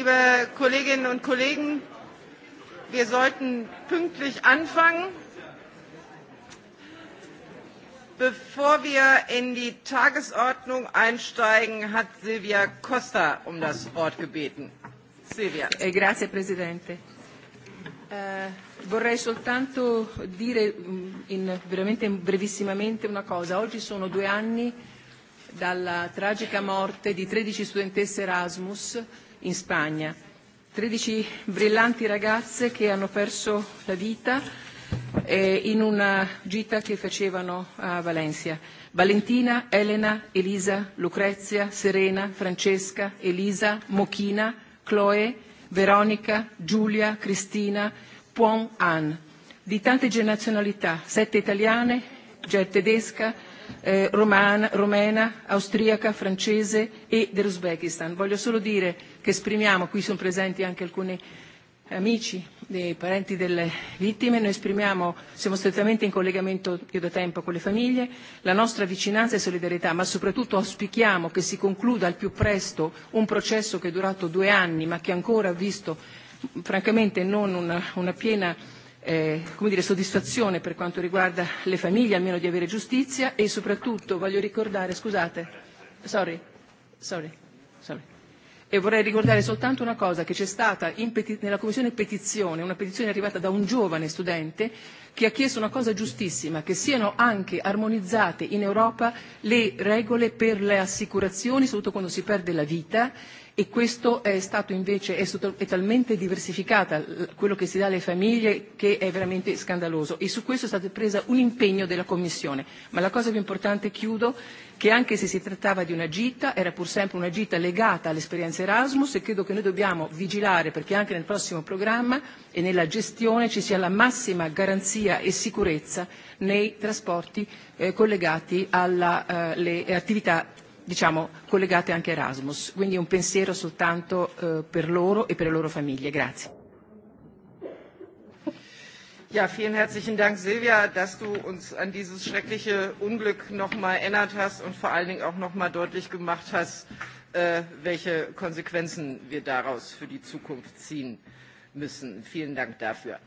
liebe Kolleginnen und Kollegen, wir sollten pünktlich anfangen. Bevor wir in die Tagesordnung einsteigen, hat Silvia Costa um das Wort gebeten. Silvia. Eh, grazie, Presidente. Eh, vorrei soltanto dire mm, in, veramente brevissimamente una cosa. Oggi sono due anni dalla tragica morte di 13 studentesse Erasmus in Spagna. 13 brillanti ragazze che hanno perso la vita eh, in una gita che facevano a Valencia. Valentina, Elena, Elisa, Lucrezia, Serena, Francesca, Elisa, Mochina, Chloe, Veronica, Giulia, Cristina, Puan An, di tante generazionalità, sette italiane, già tedesca, eh, romana, romena, austriaca, francese e dell'Uzbekistan. Voglio solo dire che esprimiamo, qui sono presenti anche alcuni amici, dei parenti delle vittime, noi esprimiamo, siamo strettamente in collegamento più da tempo con le famiglie, la nostra vicinanza e solidarietà, ma soprattutto auspichiamo che si concluda al più presto un processo che è durato due anni ma che ancora ha visto francamente non una, una piena eh, come dire, soddisfazione per quanto riguarda le famiglie, almeno di avere giustizia e soprattutto voglio ricordare, scusate, sorry, sorry, sorry. E vorrei ricordare soltanto una cosa, che c'è stata in nella commissione petizione, una petizione arrivata da un giovane studente che ha chiesto una cosa giustissima, che siano anche armonizzate in Europa le regole per le assicurazioni, soprattutto quando si perde la vita, e questo è stato invece è, è talmente diversificata quello che si dà alle famiglie che è veramente scandaloso e su questo è stato preso un impegno della Commissione. Ma la cosa più importante, chiudo, che anche se si trattava di una gita, era pur sempre una gita legata all'esperienza Erasmus e credo che noi dobbiamo vigilare perché anche nel prossimo programma e nella gestione ci sia la massima garanzia e sicurezza nei trasporti eh, collegati alle eh, attività diciamo, collegate anche a Erasmus. Quindi un pensiero soltanto eh, per loro e per le loro famiglie. Grazie. Ja, vielen herzlichen Dank, Silvia, dass du uns an dieses schreckliche Unglück noch mal erinnert hast und vor allen Dingen auch noch mal deutlich gemacht hast, äh, welche Konsequenzen wir daraus für die Zukunft ziehen müssen. Vielen Dank dafür.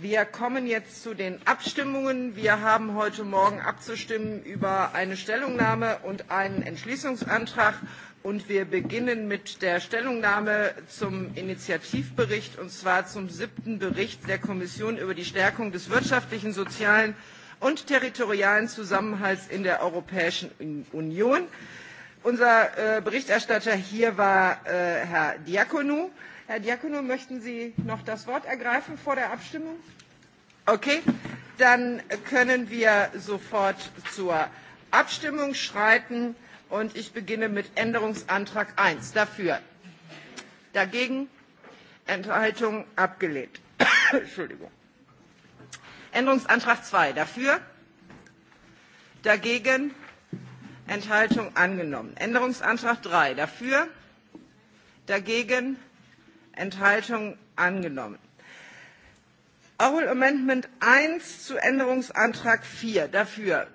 Wir kommen jetzt zu den Abstimmungen. Wir haben heute Morgen abzustimmen über eine Stellungnahme und einen Entschließungsantrag. Und wir beginnen mit der Stellungnahme zum Initiativbericht, und zwar zum siebten Bericht der Kommission über die Stärkung des wirtschaftlichen, sozialen und territorialen Zusammenhalts in der Europäischen Union. Unser äh, Berichterstatter hier war äh, Herr Diakonu. Herr Diakono, möchten Sie noch das Wort ergreifen vor der Abstimmung? Okay, dann können wir sofort zur Abstimmung schreiten und ich beginne mit Änderungsantrag 1. Dafür. Dagegen. Enthaltung abgelehnt. Entschuldigung. Änderungsantrag 2. Dafür. Dagegen. Enthaltung angenommen. Änderungsantrag 3. Dafür. Dagegen. Enthaltungen angenommen. Oral Amendment 1 zu Änderungsantrag 4 dafür,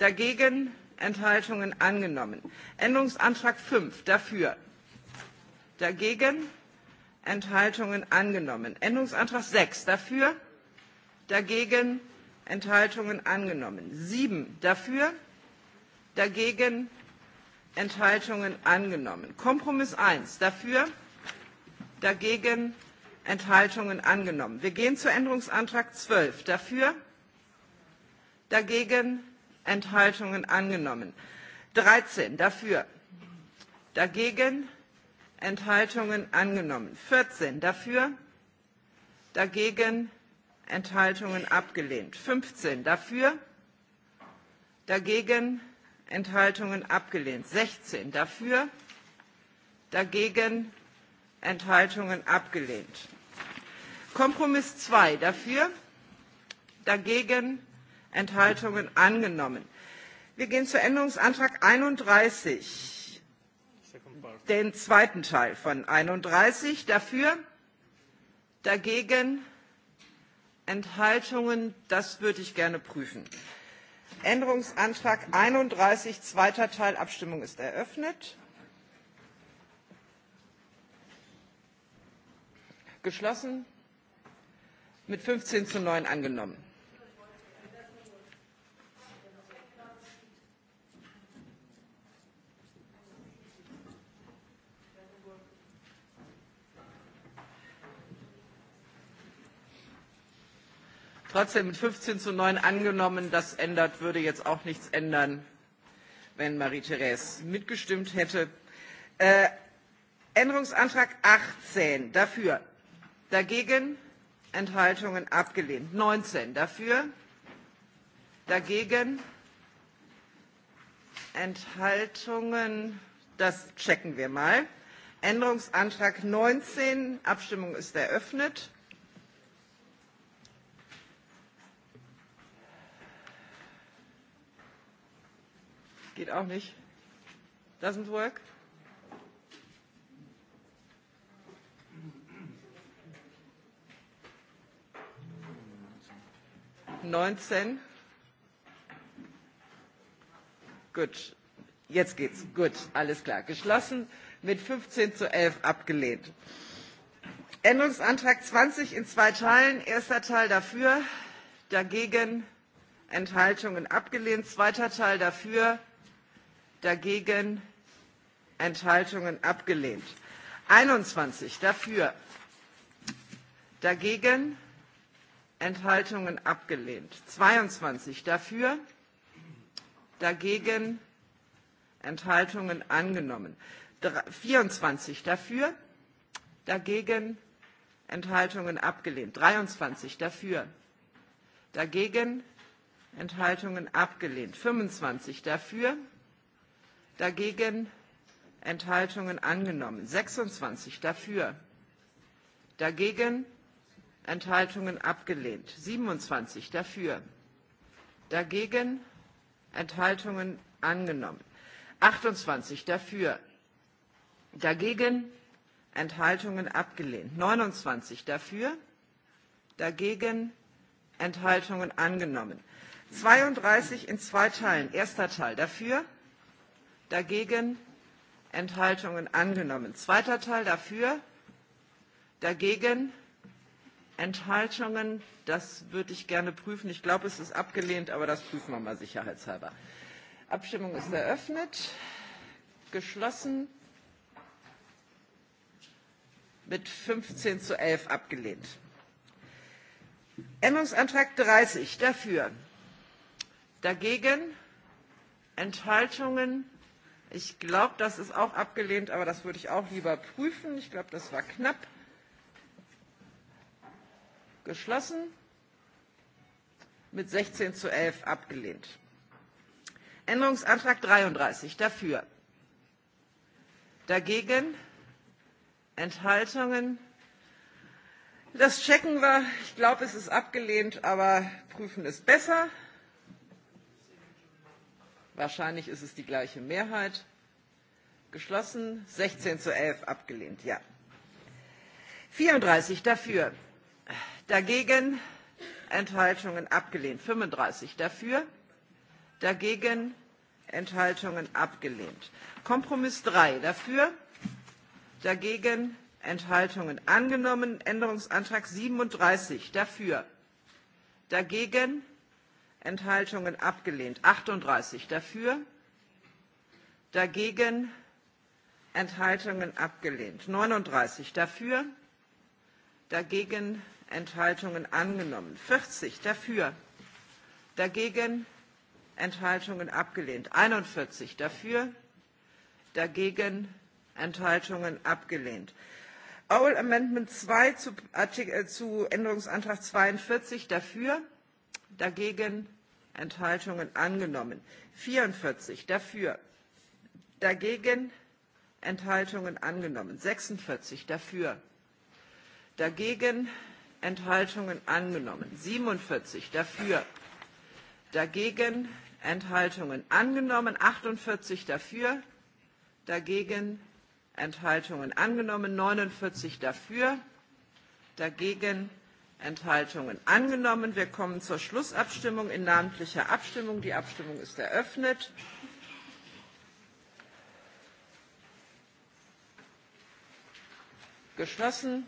dagegen Enthaltungen angenommen. Änderungsantrag 5 dafür, dagegen Enthaltungen angenommen. Änderungsantrag 6 dafür, dagegen Enthaltungen angenommen. 7 dafür, dagegen Enthaltungen angenommen. Kompromiss 1 dafür, dagegen dagegen, Enthaltungen angenommen. Wir gehen zu Änderungsantrag 12. Dafür, dagegen, Enthaltungen angenommen. 13 dafür, dagegen, Enthaltungen angenommen. 14 dafür, dagegen, Enthaltungen abgelehnt. 15 dafür, dagegen, Enthaltungen abgelehnt. 16 dafür, dagegen, Enthaltungen abgelehnt. Kompromiss 2 dafür, dagegen Enthaltungen angenommen. Wir gehen zu Änderungsantrag 31, den zweiten Teil von 31 dafür, dagegen Enthaltungen, das würde ich gerne prüfen. Änderungsantrag 31, zweiter Teil, Abstimmung ist eröffnet. geschlossen. Mit 15 zu 9 angenommen. Trotzdem mit 15 zu 9 angenommen, das ändert, würde jetzt auch nichts ändern, wenn Marie-Therese mitgestimmt hätte. Äh, Änderungsantrag 18 dafür, Dagegen Enthaltungen abgelehnt. 19 dafür. Dagegen Enthaltungen. Das checken wir mal. Änderungsantrag 19. Abstimmung ist eröffnet. Geht auch nicht. Doesn't work. 19? Gut, jetzt geht's. Gut, alles klar. Geschlossen mit 15 zu 11 abgelehnt. Änderungsantrag 20 in zwei Teilen. Erster Teil dafür, dagegen, Enthaltungen abgelehnt. Zweiter Teil dafür, dagegen, Enthaltungen abgelehnt. 21 dafür, dagegen, Enthaltungen abgelehnt. 22 dafür, dagegen Enthaltungen angenommen. 24 dafür, dagegen Enthaltungen abgelehnt. 23 dafür, dagegen Enthaltungen abgelehnt. 25 dafür, dagegen Enthaltungen angenommen. 26 dafür, dagegen Enthaltungen abgelehnt. 27 dafür, dagegen, Enthaltungen angenommen. 28 dafür, dagegen, Enthaltungen abgelehnt. 29 dafür, dagegen, Enthaltungen angenommen. 32 in zwei Teilen. Erster Teil dafür, dagegen, Enthaltungen angenommen. Zweiter Teil dafür, dagegen, Enthaltungen Enthaltungen? Das würde ich gerne prüfen. Ich glaube, es ist abgelehnt, aber das prüfen wir mal sicherheitshalber. Abstimmung ist eröffnet, geschlossen, mit 15 zu 11 abgelehnt. Änderungsantrag 30 dafür, dagegen, Enthaltungen. Ich glaube, das ist auch abgelehnt, aber das würde ich auch lieber prüfen. Ich glaube, das war knapp geschlossen, mit 16 zu 11 abgelehnt. Änderungsantrag 33 dafür, dagegen, Enthaltungen. Das checken wir. Ich glaube, es ist abgelehnt, aber prüfen ist besser. Wahrscheinlich ist es die gleiche Mehrheit. Geschlossen, 16 zu 11 abgelehnt, ja. 34 dafür, Dagegen Enthaltungen abgelehnt. 35 dafür. Dagegen Enthaltungen abgelehnt. Kompromiss 3 dafür. Dagegen Enthaltungen angenommen. Änderungsantrag 37 dafür. Dagegen Enthaltungen abgelehnt. 38 dafür. Dagegen Enthaltungen abgelehnt. 39 dafür. Dagegen Enthaltungen angenommen. 40 dafür, dagegen Enthaltungen abgelehnt. 41 dafür, dagegen Enthaltungen abgelehnt. Oral Amendment 2 zu, Artikel, äh, zu Änderungsantrag 42 dafür, dagegen Enthaltungen angenommen. 44 dafür, dagegen Enthaltungen angenommen. 46 dafür, dagegen Enthaltungen angenommen. 47 dafür, dagegen, Enthaltungen angenommen. 48 dafür, dagegen, Enthaltungen angenommen. 49 dafür, dagegen, Enthaltungen angenommen. Wir kommen zur Schlussabstimmung in namentlicher Abstimmung. Die Abstimmung ist eröffnet. Geschlossen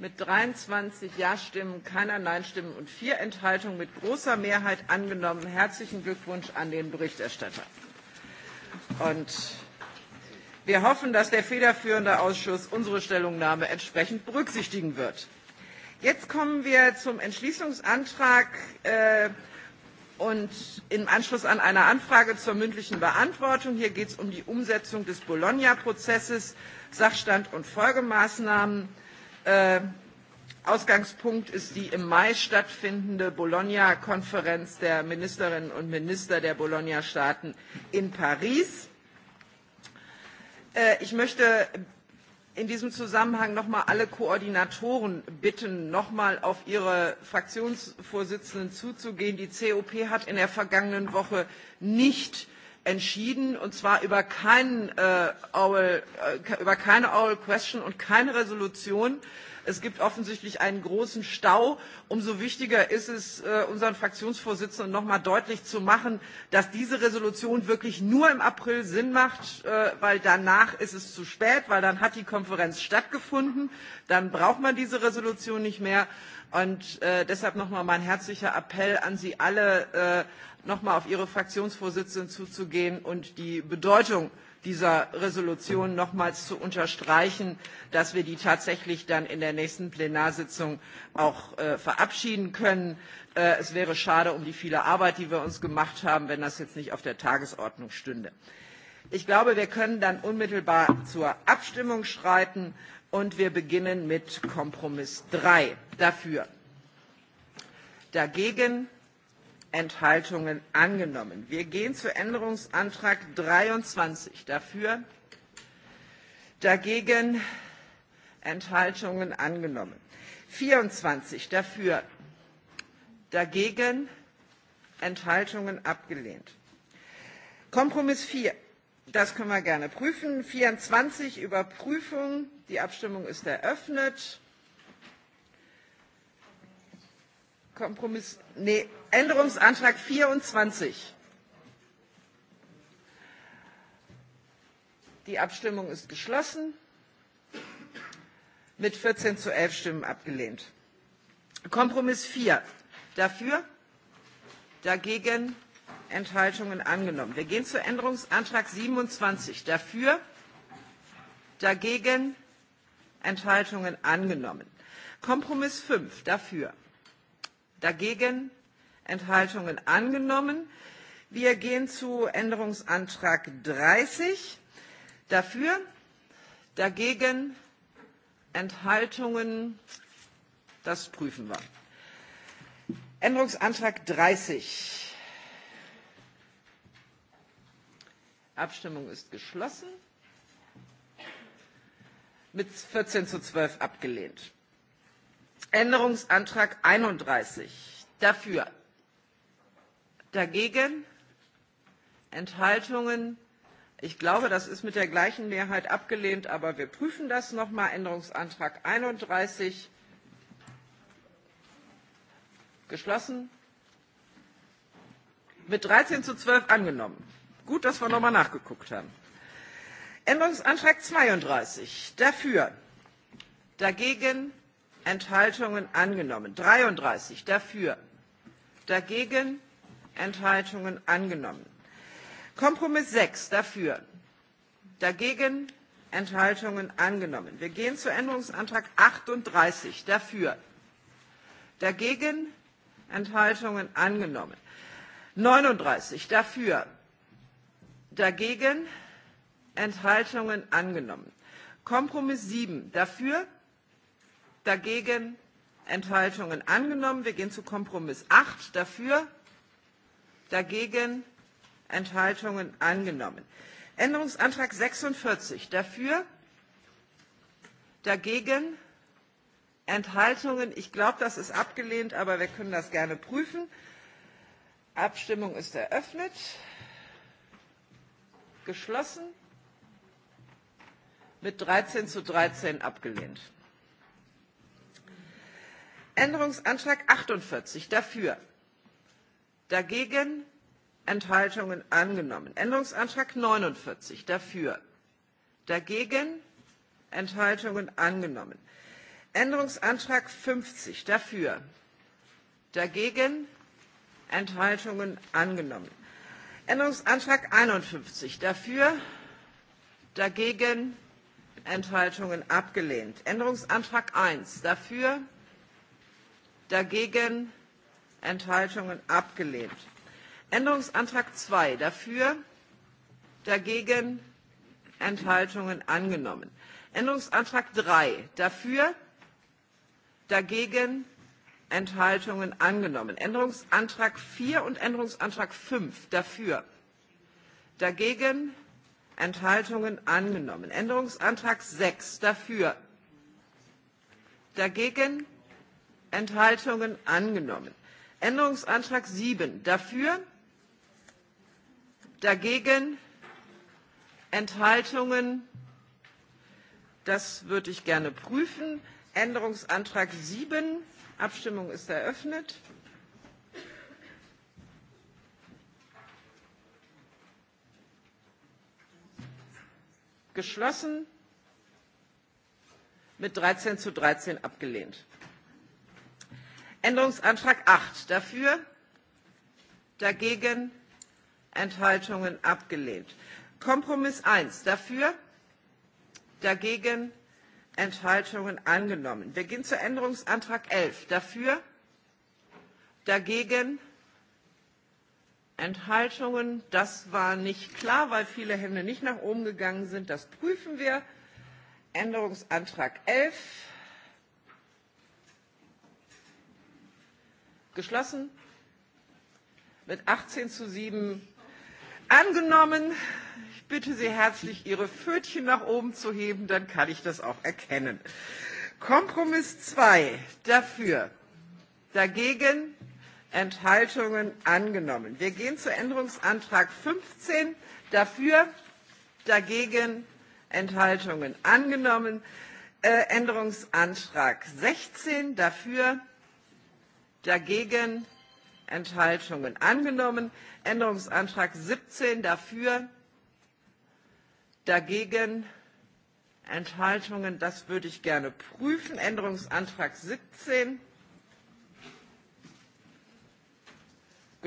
mit 23 Ja-Stimmen, keiner Nein-Stimmen und vier Enthaltungen mit großer Mehrheit angenommen. Herzlichen Glückwunsch an den Berichterstatter. Und wir hoffen, dass der federführende Ausschuss unsere Stellungnahme entsprechend berücksichtigen wird. Jetzt kommen wir zum Entschließungsantrag äh, und im Anschluss an eine Anfrage zur mündlichen Beantwortung. Hier geht es um die Umsetzung des Bologna-Prozesses, Sachstand und Folgemaßnahmen. Ähm, Ausgangspunkt ist die im Mai stattfindende Bologna-Konferenz der Ministerinnen und Minister der Bologna-Staaten in Paris. Äh, ich möchte in diesem Zusammenhang noch einmal alle Koordinatoren bitten, noch einmal auf ihre Fraktionsvorsitzenden zuzugehen. Die COP hat in der vergangenen Woche nicht entschieden, und zwar über, kein, äh, oral, äh, über keine Oral Question und keine Resolution. Es gibt offensichtlich einen großen Stau. Umso wichtiger ist es, äh, unseren Fraktionsvorsitzenden noch einmal deutlich zu machen, dass diese Resolution wirklich nur im April Sinn macht, äh, weil danach ist es zu spät, weil dann hat die Konferenz stattgefunden, dann braucht man diese Resolution nicht mehr. Und äh, deshalb nochmal mein herzlicher Appell an Sie alle, äh, nochmal auf Ihre Fraktionsvorsitzenden zuzugehen und die Bedeutung dieser Resolution nochmals zu unterstreichen, dass wir die tatsächlich dann in der nächsten Plenarsitzung auch äh, verabschieden können. Äh, es wäre schade um die viele Arbeit, die wir uns gemacht haben, wenn das jetzt nicht auf der Tagesordnung stünde. Ich glaube, wir können dann unmittelbar zur Abstimmung schreiten. Und wir beginnen mit Kompromiss 3. Dafür. Dagegen Enthaltungen angenommen. Wir gehen zu Änderungsantrag 23. Dafür. Dagegen Enthaltungen angenommen. 24. Dafür. Dagegen Enthaltungen abgelehnt. Kompromiss 4. Das können wir gerne prüfen. 24 Überprüfung Die Abstimmung ist eröffnet. Kompromiss, nee, Änderungsantrag 24. Die Abstimmung ist geschlossen. Mit 14 zu 11 Stimmen abgelehnt. Kompromiss 4. Dafür, dagegen, Enthaltungen angenommen. Wir gehen zu Änderungsantrag 27. Dafür, dagegen, Enthaltungen angenommen. Kompromiss 5 dafür. Dagegen Enthaltungen angenommen. Wir gehen zu Änderungsantrag 30. Dafür, dagegen Enthaltungen, das prüfen wir. Änderungsantrag 30. Abstimmung ist geschlossen mit 14 zu 12 abgelehnt. Änderungsantrag 31. Dafür. Dagegen. Enthaltungen. Ich glaube, das ist mit der gleichen Mehrheit abgelehnt, aber wir prüfen das nochmal. Änderungsantrag 31. Geschlossen. Mit 13 zu 12 angenommen. Gut, dass wir nochmal nachgeguckt haben. Änderungsantrag 32. Dafür. Dagegen. Enthaltungen angenommen. 33. Dafür. Dagegen. Enthaltungen angenommen. Kompromiss 6. Dafür. Dagegen. Enthaltungen angenommen. Wir gehen zu Änderungsantrag 38. Dafür. Dagegen. Enthaltungen angenommen. 39. Dafür. Dagegen. Enthaltungen angenommen. Kompromiss 7 dafür, dagegen Enthaltungen angenommen. Wir gehen zu Kompromiss 8 dafür, dagegen Enthaltungen angenommen. Änderungsantrag 46 dafür, dagegen Enthaltungen. Ich glaube, das ist abgelehnt, aber wir können das gerne prüfen. Abstimmung ist eröffnet. Geschlossen mit 13 zu 13 abgelehnt. Änderungsantrag 48 dafür. Dagegen Enthaltungen angenommen. Änderungsantrag 49 dafür. Dagegen Enthaltungen angenommen. Änderungsantrag 50 dafür. Dagegen Enthaltungen angenommen. Änderungsantrag 51 dafür. Dagegen Enthaltungen abgelehnt. Änderungsantrag 1 dafür, dagegen, Enthaltungen abgelehnt. Änderungsantrag 2 dafür, dagegen, Enthaltungen angenommen. Änderungsantrag 3 dafür, dagegen, Enthaltungen angenommen. Änderungsantrag 4 und Änderungsantrag 5 dafür, dagegen, Enthaltungen Enthaltungen angenommen. Änderungsantrag 6 dafür. Dagegen Enthaltungen angenommen. Änderungsantrag 7 dafür. Dagegen Enthaltungen. Das würde ich gerne prüfen. Änderungsantrag 7. Abstimmung ist eröffnet. geschlossen. Mit 13 zu 13 abgelehnt. Änderungsantrag 8 dafür, dagegen, Enthaltungen abgelehnt. Kompromiss 1 dafür, dagegen, Enthaltungen angenommen. Wir gehen zu Änderungsantrag 11 dafür, dagegen, Enthaltungen. Das war nicht klar, weil viele Hände nicht nach oben gegangen sind. Das prüfen wir. Änderungsantrag 11. Geschlossen. Mit 18 zu 7 angenommen. Ich bitte Sie herzlich, Ihre Pfötchen nach oben zu heben, dann kann ich das auch erkennen. Kompromiss 2. Dafür. Dagegen Enthaltungen angenommen. Wir gehen zu Änderungsantrag 15. Dafür, dagegen, Enthaltungen angenommen. Äh, Änderungsantrag 16. Dafür, dagegen, Enthaltungen angenommen. Änderungsantrag 17. Dafür, dagegen, Enthaltungen. Das würde ich gerne prüfen. Änderungsantrag 17.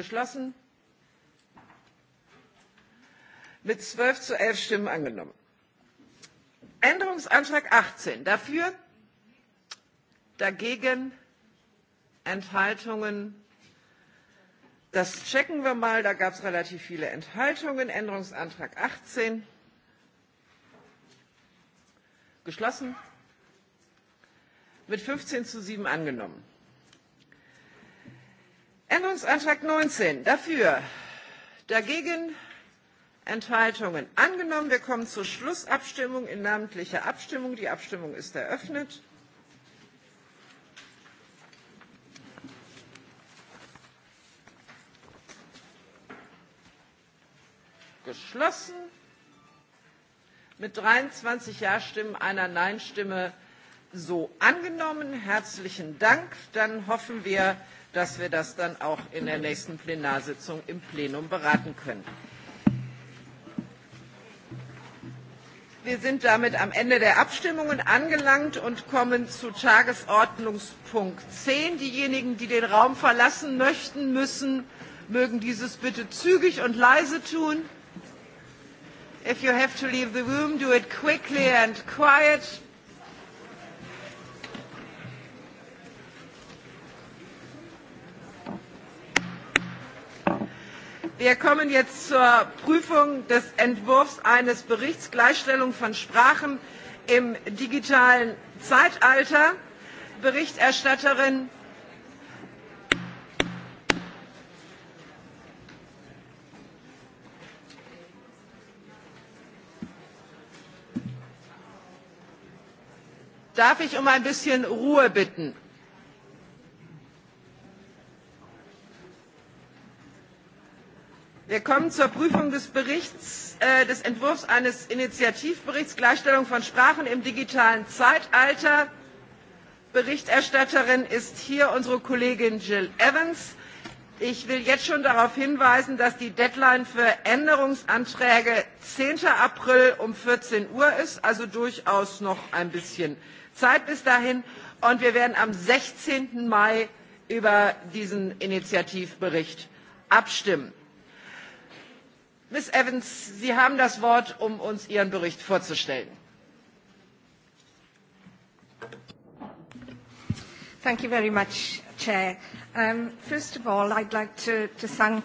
geschlossen. Mit 12 zu 11 Stimmen angenommen. Änderungsantrag 18. Dafür, dagegen, Enthaltungen. Das checken wir mal. Da gab es relativ viele Enthaltungen. Änderungsantrag 18. Geschlossen. Mit 15 zu 7 angenommen. Änderungsantrag 19. Dafür. Dagegen. Enthaltungen angenommen. Wir kommen zur Schlussabstimmung in namentlicher Abstimmung. Die Abstimmung ist eröffnet. Geschlossen. Mit 23 Ja-Stimmen, einer Nein-Stimme so angenommen. Herzlichen Dank. Dann hoffen wir, dass wir das dann auch in der nächsten Plenarsitzung im Plenum beraten können. Wir sind damit am Ende der Abstimmungen angelangt und kommen zu Tagesordnungspunkt 10. Diejenigen, die den Raum verlassen möchten, müssen, mögen dieses bitte zügig und leise tun. If you have to leave the room, do it quickly and quiet. Wir kommen jetzt zur Prüfung des Entwurfs eines Berichts Gleichstellung von Sprachen im digitalen Zeitalter. Berichterstatterin Darf ich um ein bisschen Ruhe bitten? Wir kommen zur Prüfung des Berichts, äh, des Entwurfs eines Initiativberichts Gleichstellung von Sprachen im digitalen Zeitalter. Berichterstatterin ist hier unsere Kollegin Jill Evans. Ich will jetzt schon darauf hinweisen, dass die Deadline für Änderungsanträge 10. April um 14 Uhr ist, also durchaus noch ein bisschen Zeit bis dahin. Und wir werden am 16. Mai über diesen Initiativbericht abstimmen. Ms. Evans, Sie haben das Wort, um uns Ihren Bericht vorzustellen. Thank you very much, Chair. Um, first of all, I'd like to, to thank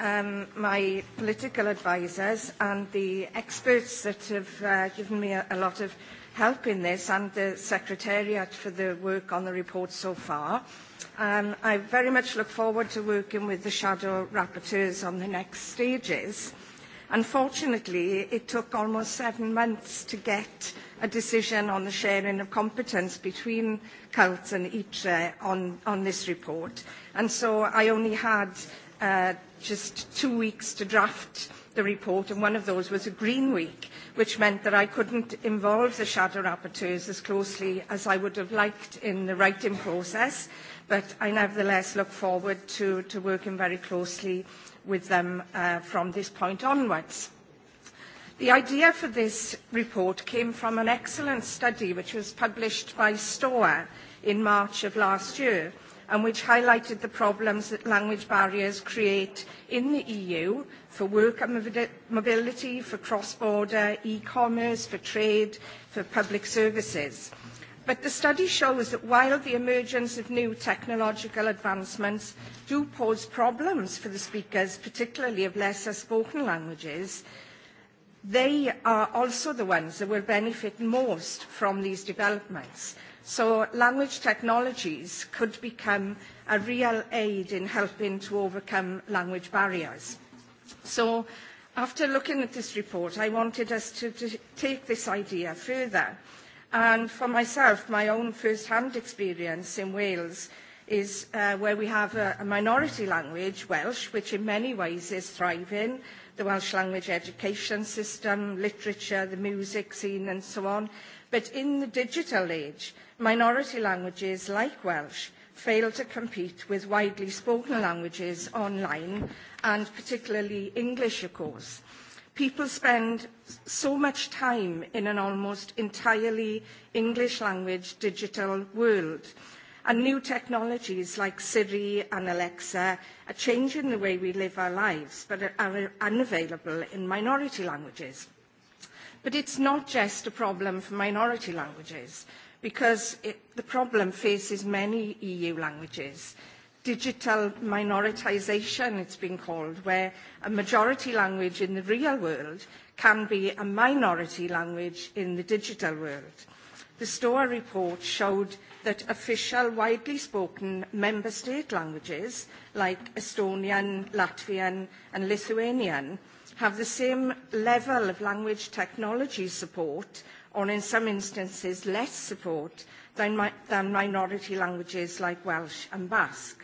um, my political advisers and the experts that have uh, given me a, a lot of help in this and the Secretariat for the work on the report so far. Um, I very much look forward to working with the shadow rapporteurs on the next stages. Unfortunately, it took almost seven months to get a decision on the sharing of competence between CULT and ITRE on, on this report. And so I only had uh, just two weeks to draft the report, and one of those was a Green Week, which meant that I couldn't involve the shadow rapporteurs as closely as I would have liked in the writing process, but I nevertheless look forward to, to working very closely with them uh, from this point onwards. The idea for this report came from an excellent study which was published by STOA in March of last year and which highlighted the problems that language barriers create in the EU for and mobility, for cross-border e-commerce, for trade, for public services. But the study shows that while the emergence of new technological advancements do pose problems for the speakers, particularly of lesser spoken languages, they are also the ones that will benefit most from these developments. So language technologies could become a real aid in helping to overcome language barriers. So after looking at this report, I wanted us to, to take this idea further. And for myself, my own first-hand experience in Wales is uh, where we have a, a minority language, Welsh, which in many ways is thriving, the Welsh language education system, literature, the music scene and so on. But in the digital age, minority languages like Welsh fail to compete with widely spoken languages online and particularly English, of course. People spend so much time in an almost entirely English language digital world. And new technologies like Siri and Alexa are changing the way we live our lives, but are unavailable in minority languages. But it's not just a problem for minority languages because it, the problem faces many EU languages. Digital minoritisation, it's been called, where a majority language in the real world can be a minority language in the digital world. The STOA report showed that official, widely spoken member state languages like Estonian, Latvian and Lithuanian have the same level of language technology support or in some instances less support than, mi than minority languages like Welsh and Basque.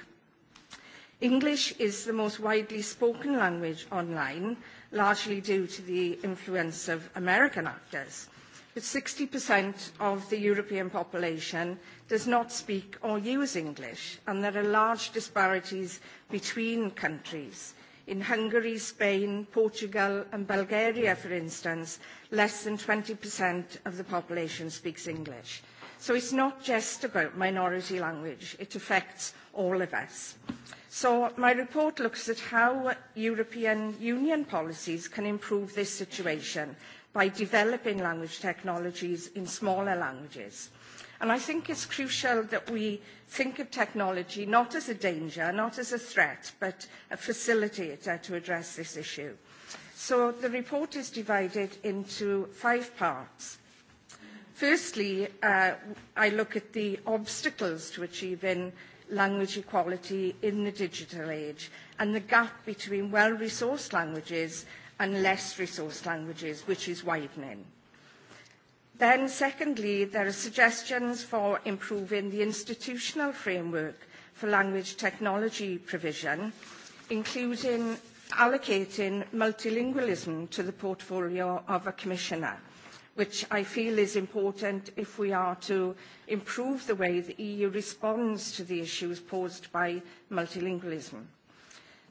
English is the most widely spoken language online, largely due to the influence of American actors. But 60% of the European population does not speak or use English, and there are large disparities between countries In Hungary, Spain, Portugal and Bulgaria, for instance, less than 20% of the population speaks English. So it's not just about minority language, it affects all of us. So my report looks at how European Union policies can improve this situation by developing language technologies in smaller languages. And I think it's crucial that we think of technology not as a danger, not as a threat, but a facilitator to address this issue. So the report is divided into five parts. Firstly, uh, I look at the obstacles to achieving language equality in the digital age and the gap between well-resourced languages and less resourced languages, which is widening. Then, secondly, there are suggestions for improving the institutional framework for language technology provision, including allocating multilingualism to the portfolio of a commissioner, which I feel is important if we are to improve the way the EU responds to the issues posed by multilingualism.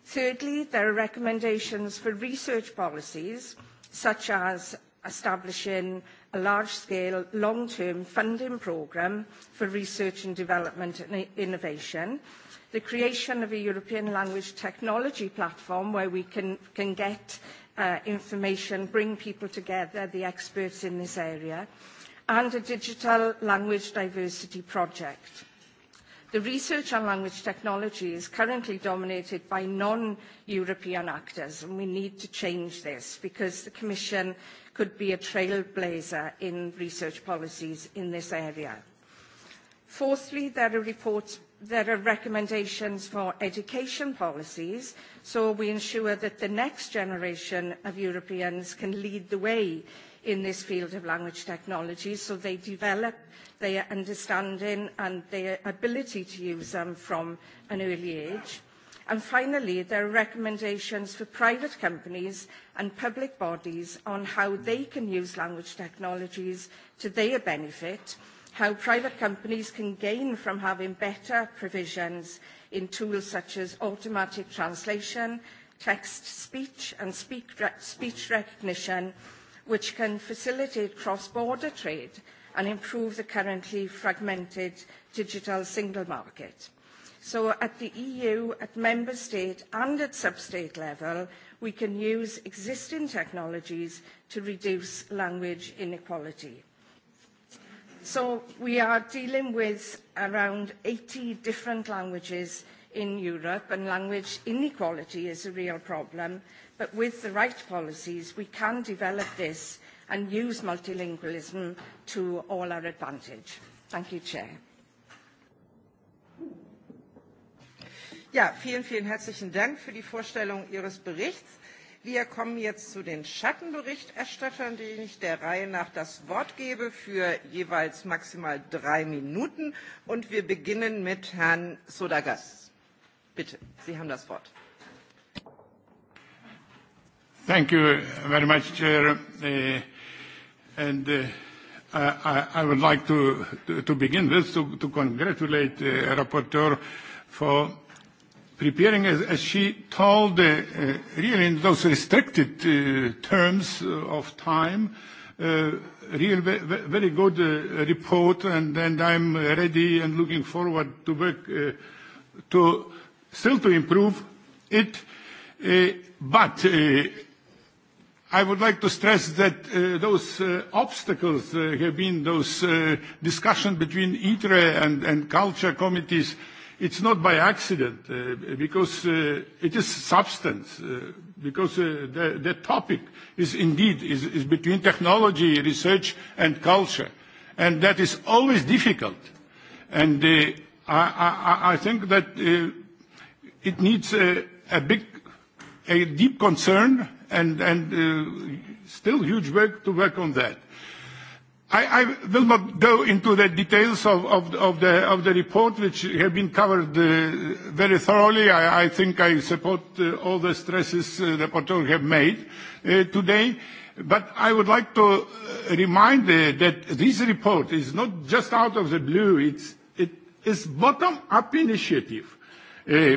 Thirdly, there are recommendations for research policies, such as establishing a large-scale, long-term funding programme for research and development and innovation, the creation of a European language technology platform where we can, can get uh, information, bring people together, the experts in this area, and a digital language diversity project. The research on language technology is currently dominated by non-European actors, and we need to change this because the Commission could be a trailblazer in research policies in this area. Fourthly, there are reports there are recommendations for education policies so we ensure that the next generation of Europeans can lead the way in this field of language technology so they develop their understanding and their ability to use them from an early age. And finally, there are recommendations for private companies and public bodies on how they can use language technologies to their benefit, how private companies can gain from having better provisions in tools such as automatic translation, text speech and re speech recognition which can facilitate cross-border trade and improve the currently fragmented digital single market. So at the EU, at member state and at sub-state level, we can use existing technologies to reduce language inequality. So we are dealing with around 80 different languages in Europe and language inequality is a real problem, but with the right policies we can develop this and use multilingualism to all our advantage. Thank you, Chair. Ja, vielen, vielen herzlichen Dank für die Vorstellung Ihres Berichts. Wir kommen jetzt zu den Schattenberichterstattern, denen ich der Reihe nach das Wort gebe für jeweils maximal drei Minuten. Und wir beginnen mit Herrn Sodagas. Bitte, Sie haben das Wort. Thank you very much, Chair. Uh, and uh, I, I would like to, to, to begin this to, to congratulate the uh, Rapporteur for preparing, as, as she told, uh, uh, really in those restricted uh, terms of time, uh, real ve very good uh, report, and, and I'm ready and looking forward to work uh, to still to improve it, uh, but uh, I would like to stress that uh, those uh, obstacles uh, have been those uh, between ITRE and, and culture committees. It's not by accident, uh, because uh, it is substance, uh, because uh, the, the topic is indeed is, is between technology, research, and culture. And that is always difficult. And uh, I, I, I think that uh, it needs a, a big, a deep concern and, and uh, still huge work to work on that. I, I will not go into the details of, of, of, the, of the report, which have been covered uh, very thoroughly. I, I think I support uh, all the stresses uh, the rapporteur have made uh, today. But I would like to uh, remind uh, that this report is not just out of the blue. It's, it is bottom-up initiative. Uh,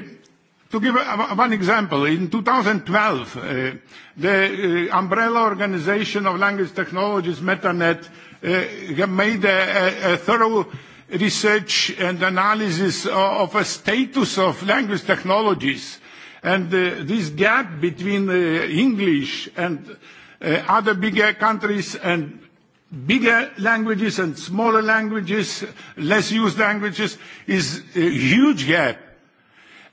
To give a, one example, in 2012, uh, the uh, umbrella organization of language technologies, MetaNet, uh, made a, a, a thorough research and analysis of, of a status of language technologies. And uh, this gap between uh, English and uh, other bigger countries and bigger languages and smaller languages, less used languages, is a huge gap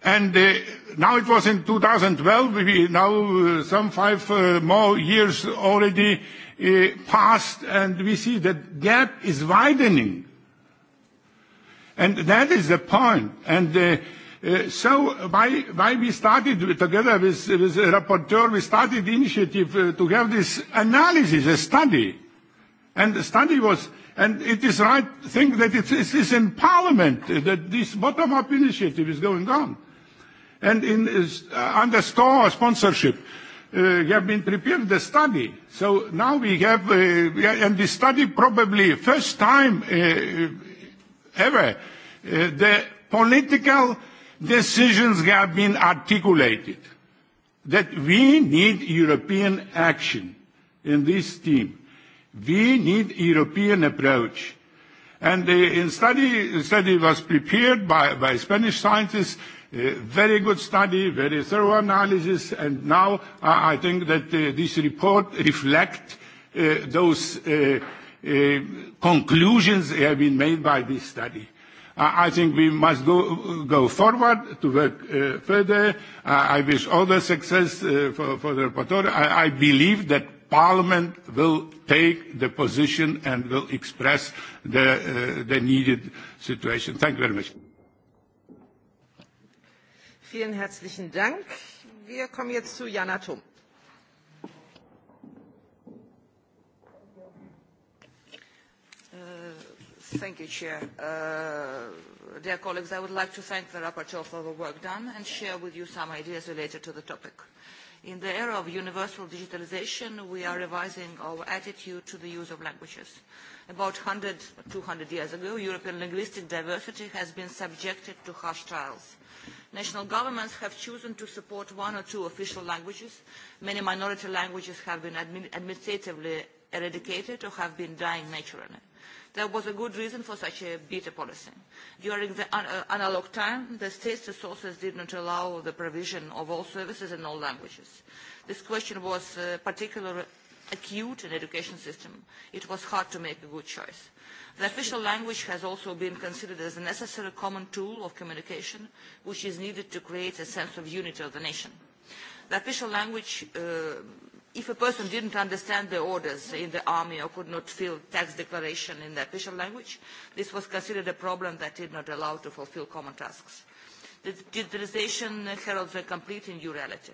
And uh, now it was in 2012, we now uh, some five uh, more years already uh, passed, and we see that gap is widening. And that is the point. And uh, uh, so why, why we started together with, with the rapporteur, we started the initiative uh, to have this analysis, a study. And the study was, and it is right thing that it is, in Parliament uh, that this bottom-up initiative is going on. And in, uh, under STOA sponsorship, uh, have been prepared the study. So now we have, uh, and the study probably first time uh, ever, uh, the political decisions have been articulated that we need European action in this team. We need European approach. And the uh, study, study was prepared by, by Spanish scientists Eh, very good study, very thorough analysis, and now uh, I think that uh, this report reflects uh, those uh, uh, conclusions that have been made by this study. Uh, I think we must go, go forward to work uh, further. Uh, I wish all the success uh, for, for the rapporteur. I, I believe that Parliament will take the position and will express the, uh, the needed situation. Thank you very much. Vielen herzlichen Dank. Wir kommen jetzt zu Jana Thum. Uh, thank you, Chair. Uh, dear colleagues, I would like to thank the rapporteur for the work done and share with you some ideas related to the topic. In the era of universal digitalization, we are revising our attitude to the use of languages. About 100, 200 years ago, European linguistic diversity has been subjected to harsh trials national governments have chosen to support one or two official languages. Many minority languages have been admi administratively eradicated or have been dying naturally. There was a good reason for such a beta policy. During the uh, analog time, the state's resources did not allow the provision of all services in all languages. This question was uh, particularly acute in education system. It was hard to make a good choice. The official language has also been considered as a necessary common tool of communication, which is needed to create a sense of unity of the nation. The official language, uh, if a person didn't understand the orders in the army or could not fill tax declaration in the official language, this was considered a problem that did not allow to fulfill common tasks. The digitalization heralds a complete new reality.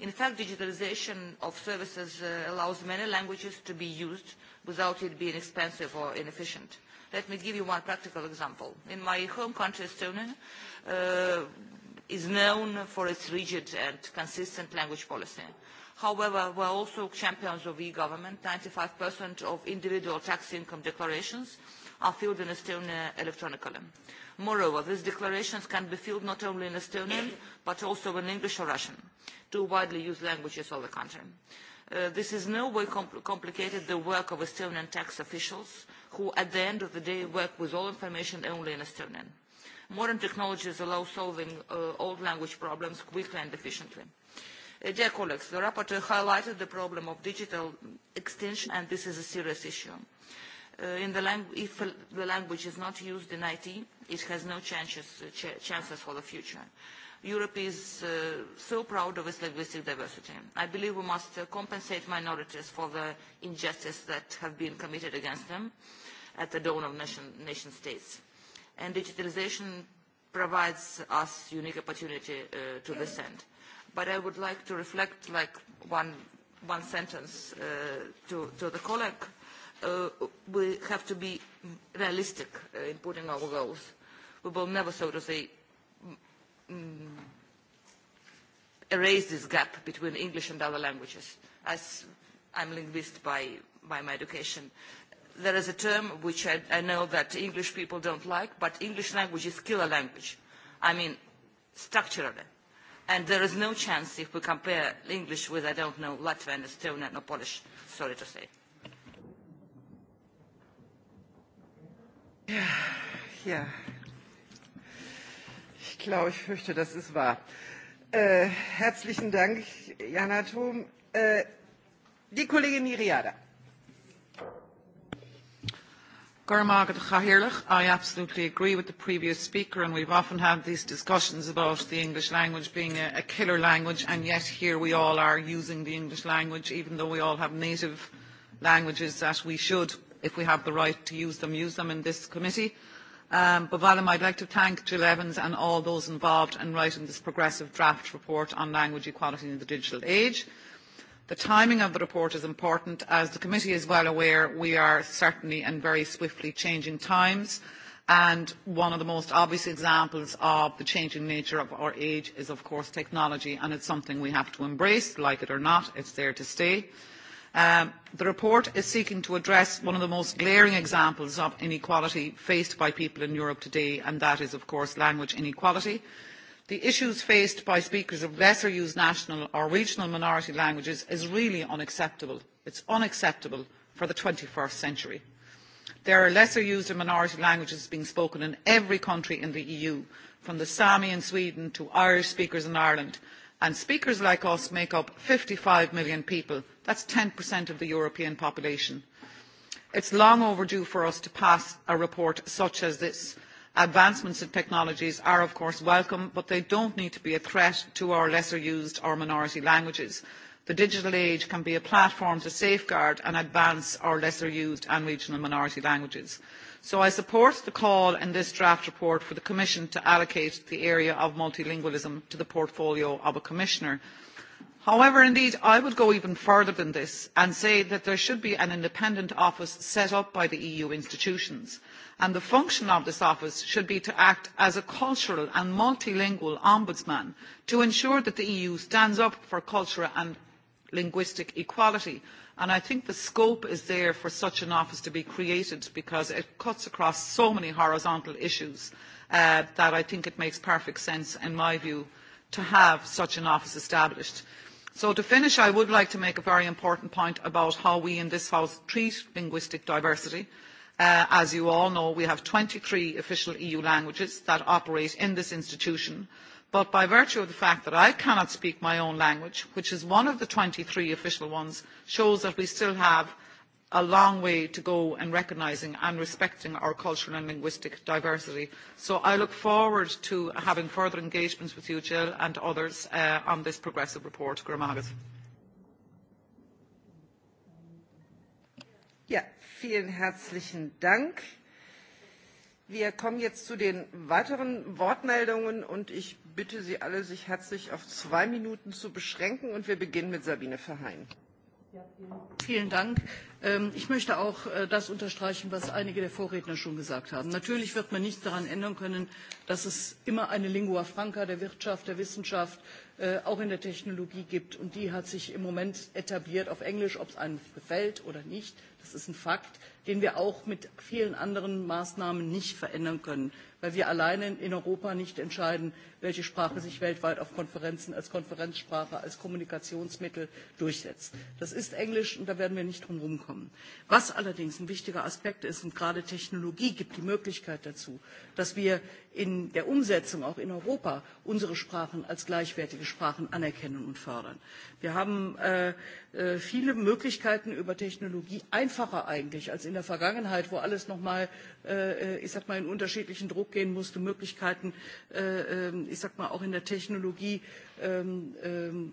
In fact, digitalization of services uh, allows many languages to be used without it being expensive or inefficient. Let me give you one practical example. In my home country, Estonia, uh, is known for its rigid and consistent language policy. However, we are also champions of e-government. 95% of individual tax income declarations are filled in Estonia electronically. Moreover, these declarations can be filled not only in Estonian, but also in English or Russian, two widely used languages of the country. Uh, this is no way compl complicated the work of Estonian tax officials, who at the end of the day work with all information only in Estonian. Modern technologies allow solving uh, old language problems quickly and efficiently. Uh, dear colleagues, the rapporteur highlighted the problem of digital extinction, and this is a serious issue. Uh, in the if the language is not used in IT, it has no chances, uh, ch chances for the future. Europe is uh, so proud of its linguistic diversity. I believe we must uh, compensate minorities for the injustice that have been committed against them at the dawn of nation, nation states. And digitalization provides us unique opportunity uh, to this end. But I would like to reflect like one, one sentence uh, to, to the colleague. Uh, we have to be realistic uh, in putting our goals. We will never, so to say, um, erase this gap between English and other languages. As I'm linguist by, by my education, there is a term which I, I know that English people don't like, but English language is killer language. I mean, structurally. And there is no chance if we compare English with, I don't know, Latvian, Estonian, or Polish, sorry to say. Yeah, yeah glaube, ich fürchte, das ist wahr. Äh, herzlichen Dank, Jana Thum. Äh, die Kollegin Niriada. I absolutely agree with the previous speaker and we've often had these discussions about the English language being a, a killer language and yet here we all are using the English language even though we all have native languages that we should, if we have the right to use them, use them in this committee. Um, but Valim, I'd like to thank Jill Evans and all those involved in writing this progressive draft report on language equality in the digital age. The timing of the report is important. As the committee is well aware, we are certainly and very swiftly changing times. And one of the most obvious examples of the changing nature of our age is, of course, technology. And it's something we have to embrace, like it or not. It's there to stay. Um, the report is seeking to address one of the most glaring examples of inequality faced by people in Europe today, and that is, of course, language inequality. The issues faced by speakers of lesser used national or regional minority languages is really unacceptable. It is unacceptable for the twenty first century. There are lesser used and minority languages being spoken in every country in the EU, from the Sami in Sweden to Irish speakers in Ireland and speakers like us make up fifty five million people. that is 10% of the European population. It is long overdue for us to pass a report such as this. Advancements in technologies are of course welcome, but they do not need to be a threat to our lesser used or minority languages. The digital age can be a platform to safeguard and advance our lesser used and regional minority languages. So I support the call in this draft report for the Commission to allocate the area of multilingualism to the portfolio of a Commissioner. However, indeed, I would go even further than this and say that there should be an independent office set up by the EU institutions. And the function of this office should be to act as a cultural and multilingual ombudsman to ensure that the EU stands up for cultural and linguistic equality. And I think the scope is there for such an office to be created because it cuts across so many horizontal issues uh, that I think it makes perfect sense, in my view, to have such an office established. So to finish, I would like to make a very important point about how we in this House treat linguistic diversity. Uh, as you all know, we have 23 official EU languages that operate in this institution but by virtue of the fact that I cannot speak my own language, which is one of the twenty three official ones, shows that we still have a long way to go in recognising and respecting our cultural and linguistic diversity. So I look forward to having further engagements with you, Jill, and others uh, on this progressive report. Gramagas. vielen herzlichen Dank. Wir kommen jetzt zu den weiteren Wortmeldungen und ich bitte Sie alle, sich herzlich auf zwei Minuten zu beschränken und wir beginnen mit Sabine Verheyen. vielen Dank. Ähm, ich möchte auch äh, das unterstreichen, was einige der Vorredner schon gesagt haben. Natürlich wird man nichts daran ändern können, dass es immer eine Lingua franca der Wirtschaft, der Wissenschaft, äh, auch in der Technologie gibt. Und die hat sich im Moment etabliert auf Englisch, ob es einem gefällt oder nicht. Das ist ein Fakt den wir auch mit vielen anderen Maßnahmen nicht verändern können, weil wir alleine in Europa nicht entscheiden, welche Sprache sich weltweit auf Konferenzen als Konferenzsprache, als Kommunikationsmittel durchsetzt. Das ist Englisch und da werden wir nicht drum rumkommen. Was allerdings ein wichtiger Aspekt ist und gerade Technologie gibt die Möglichkeit dazu, dass wir in der Umsetzung auch in Europa unsere Sprachen als gleichwertige Sprachen anerkennen und fördern. Wir haben äh, äh viele Möglichkeiten über Technologie einfacher eigentlich als in der Vergangenheit, wo alles nochmal, äh, ich sag mal, in unterschiedlichen Druck gehen musste, Möglichkeiten, äh, äh, ich sag mal, auch in der Technologie, ähm, ähm,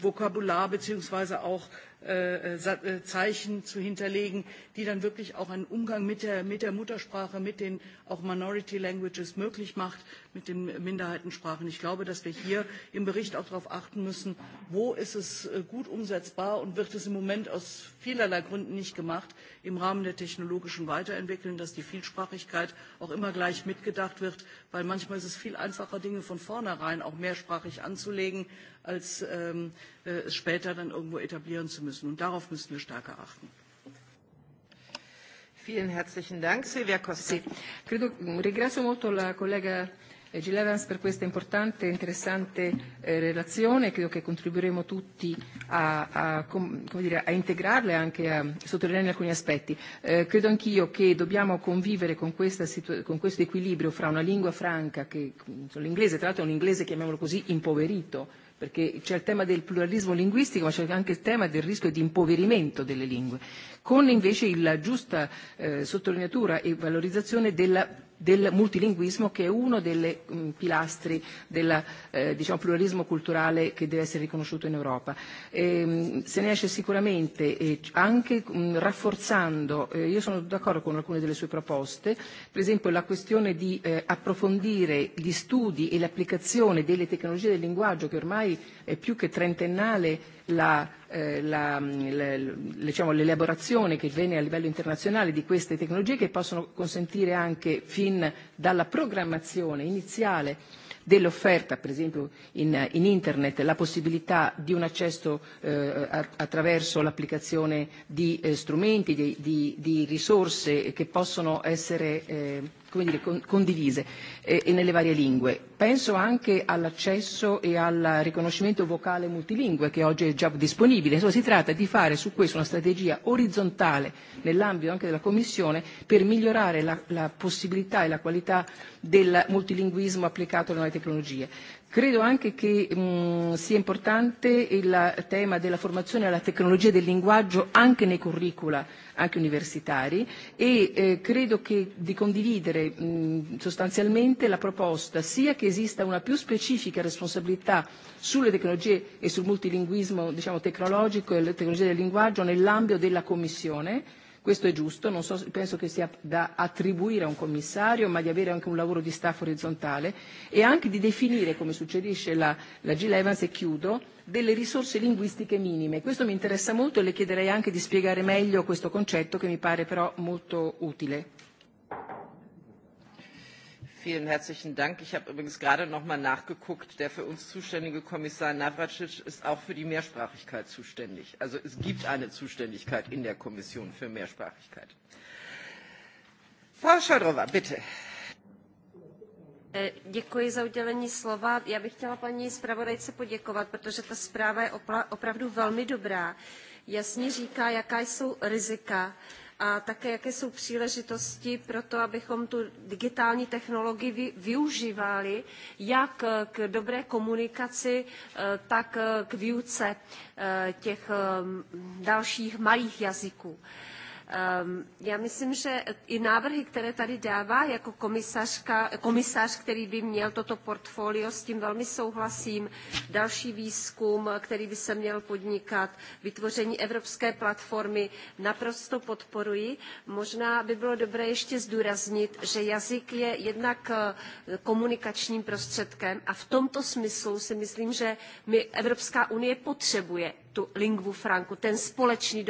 Vokabular beziehungsweise auch Äh, äh, äh, Zeichen zu hinterlegen, die dann wirklich auch einen Umgang mit der, mit der Muttersprache, mit den auch Minority Languages möglich macht, mit den Minderheitensprachen. Ich glaube, dass wir hier im Bericht auch darauf achten müssen, wo ist es gut umsetzbar und wird es im Moment aus vielerlei Gründen nicht gemacht, im Rahmen der technologischen Weiterentwicklung, dass die Vielsprachigkeit auch immer gleich mitgedacht wird, weil manchmal ist es viel einfacher, Dinge von vornherein auch mehrsprachig anzulegen, als ähm, Äh, es später dann irgendwo etablieren zu müssen. Und darauf müssen wir stärker achten. Vielen herzlichen Dank, Silvia Costi. Credo, ringrazio molto la collega Gilevans per questa importante e interessante eh, relazione. Credo che contribuiremo tutti a, a, com, come dire, a integrarla e anche a sottolineare alcuni aspetti. Eh, credo anch'io che dobbiamo convivere con, questa con questo equilibrio fra una lingua franca, che l'inglese, tra l'altro è un inglese, chiamiamolo così, impoverito, perché c'è il tema del pluralismo linguistico ma c'è anche il tema del rischio di impoverimento delle lingue con invece la giusta eh, sottolineatura e valorizzazione della del multilinguismo che è uno dei mm, pilastri del eh, diciamo, pluralismo culturale che deve essere riconosciuto in Europa. E, se ne esce sicuramente e anche mh, mm, rafforzando, eh, io sono d'accordo con alcune delle sue proposte, per esempio la questione di eh, approfondire gli studi e l'applicazione delle tecnologie del linguaggio che ormai è più che trentennale la, eh, la, la, la, diciamo, l'elaborazione che viene a livello internazionale di queste tecnologie che possono consentire anche fin dalla programmazione iniziale dell'offerta, per esempio in, in Internet, la possibilità di un accesso eh, attraverso l'applicazione di eh, strumenti, di, di, di risorse che possono essere eh, come dire, con, condivise eh, e nelle varie lingue. Penso anche all'accesso e al riconoscimento vocale multilingue che oggi è già disponibile. Insomma, si tratta di fare su questo una strategia orizzontale nell'ambito anche della Commissione per migliorare la, la possibilità e la qualità del multilinguismo applicato alle nuove tecnologie. Credo anche che mh, mm, sia importante il tema della formazione alla e tecnologia del linguaggio anche nei curricula, anche universitari, e eh, credo che di condividere mh, mm, sostanzialmente la proposta sia che esista una più specifica responsabilità sulle tecnologie e sul multilinguismo diciamo, tecnologico e le tecnologie del linguaggio nell'ambito della Commissione, Questo è giusto, non so, penso che sia da attribuire a un commissario, ma di avere anche un lavoro di staff orizzontale e anche di definire, come suggerisce la, la Jill Evans, e chiudo, delle risorse linguistiche minime. Questo mi interessa molto e le chiederei anche di spiegare meglio questo concetto che mi pare però molto utile. Vielen herzlichen Dank. Ich habe übrigens gerade noch mal nachgeguckt. Der für uns zuständige Kommissar Navracic ist auch für die Mehrsprachigkeit zuständig. Also es gibt eine Zuständigkeit in der Kommission für Mehrsprachigkeit. Frau Schadrova, bitte. Eh, děkuji za udělení slova. Já bych chtěla paní zpravodajce poděkovat, protože ta zpráva je opravdu velmi dobrá. Jasně říká, jaká jsou rizika a také jaké jsou příležitosti pro to, abychom tu digitální technologii využívali jak eh, k dobré komunikaci, eh, tak eh, k výuce těch dalších malých jazyků. Ehm, Já myslím, že i návrhy, které tady dává jako komisařka, komisař, který by měl toto portfolio, s tím velmi souhlasím. Další výzkum, který by se měl podnikat, vytvoření evropské platformy, naprosto podporuji. Možná by bylo dobré ještě zdůraznit, že jazyk je jednak eh, komunikačním prostředkem a v tomto smyslu si myslím, že my Evropská unie potřebuje tu lingvu franku, ten společný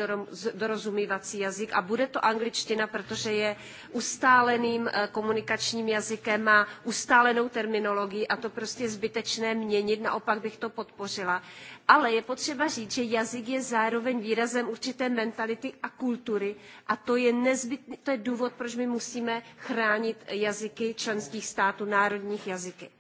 dorozumívací jazyk a bude to angličtina, protože je ustáleným eh, komunikačním jazykem, má ustálenou terminologii a to prostě je zbytečné měnit, naopak bych to podpořila. Ale je potřeba říct, že jazyk je zároveň výrazem určité mentality a kultury a to je nezbytný, to je důvod, proč my musíme chránit jazyky členských států, národních jazyky.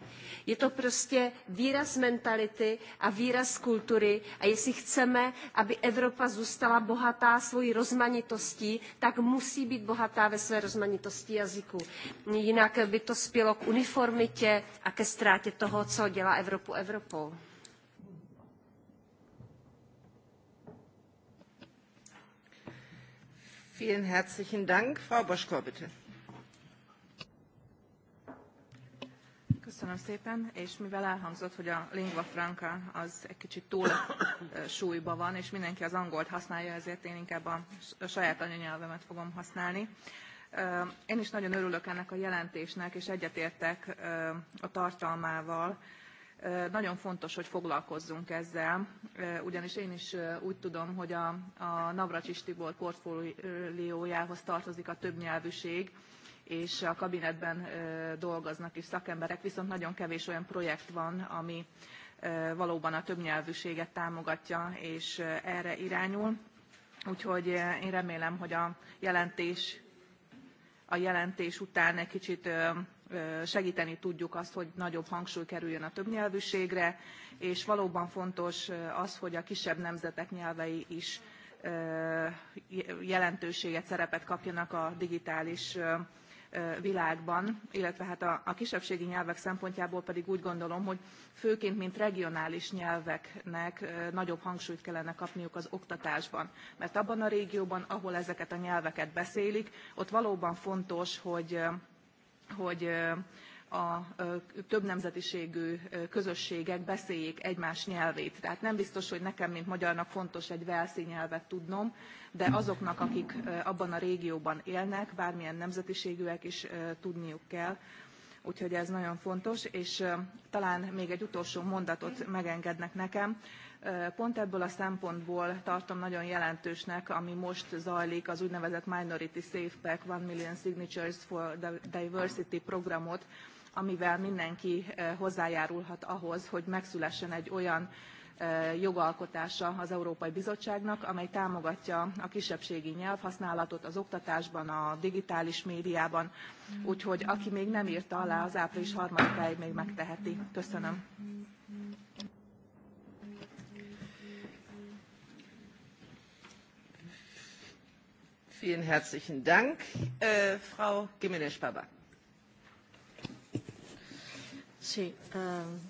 Je to prostě výraz mentality a výraz kultury a jestli chceme, aby Evropa zůstala bohatá svojí rozmanitostí, tak musí být bohatá ve své rozmanitosti jazyku. Jinak by to spělo k uniformitě a ke ztrátě toho, co dělá Evropu Evropou. Vielen herzlichen Dank. Frau Boschko, bitte. Köszönöm szépen, és mivel elhangzott, hogy a lingua franca az egy kicsit túl súlyba van, és mindenki az angolt használja, ezért én inkább a saját anyanyelvemet fogom használni. Én is nagyon örülök ennek a jelentésnek, és egyetértek a tartalmával. Nagyon fontos, hogy foglalkozzunk ezzel, ugyanis én is úgy tudom, hogy a, a Navracsis Tibor portfóliójához tartozik a többnyelvűség, és a kabinetben dolgoznak is szakemberek, viszont nagyon kevés olyan projekt van, ami valóban a többnyelvűséget támogatja és erre irányul. Úgyhogy én remélem, hogy a jelentés, a jelentés után egy kicsit segíteni tudjuk azt, hogy nagyobb hangsúly kerüljön a többnyelvűségre, és valóban fontos az, hogy a kisebb nemzetek nyelvei is jelentőséget, szerepet kapjanak a digitális világban, illetve hát a, a kisebbségi nyelvek szempontjából pedig úgy gondolom, hogy főként, mint regionális nyelveknek nagyobb hangsúlyt kellene kapniuk az oktatásban. Mert abban a régióban, ahol ezeket a nyelveket beszélik, ott valóban fontos, hogy, hogy a több nemzetiségű közösségek beszéljék egymás nyelvét. Tehát nem biztos, hogy nekem, mint magyarnak fontos egy velszi nyelvet tudnom, de azoknak, akik abban a régióban élnek, bármilyen nemzetiségűek is tudniuk kell, úgyhogy ez nagyon fontos, és talán még egy utolsó mondatot megengednek nekem. Pont ebből a szempontból tartom nagyon jelentősnek, ami most zajlik, az úgynevezett Minority Safe Pack One Million Signatures for Diversity programot, amivel mindenki hozzájárulhat ahhoz, hogy megszülessen egy olyan jogalkotása az Európai Bizottságnak, amely támogatja a kisebbségi nyelvhasználatot az oktatásban, a digitális médiában, úgyhogy aki még nem írta alá, az április harmadikáig még megteheti. Köszönöm. Vielen herzlichen Dank, äh, Frau Gimenez-Babak. Sí. Um,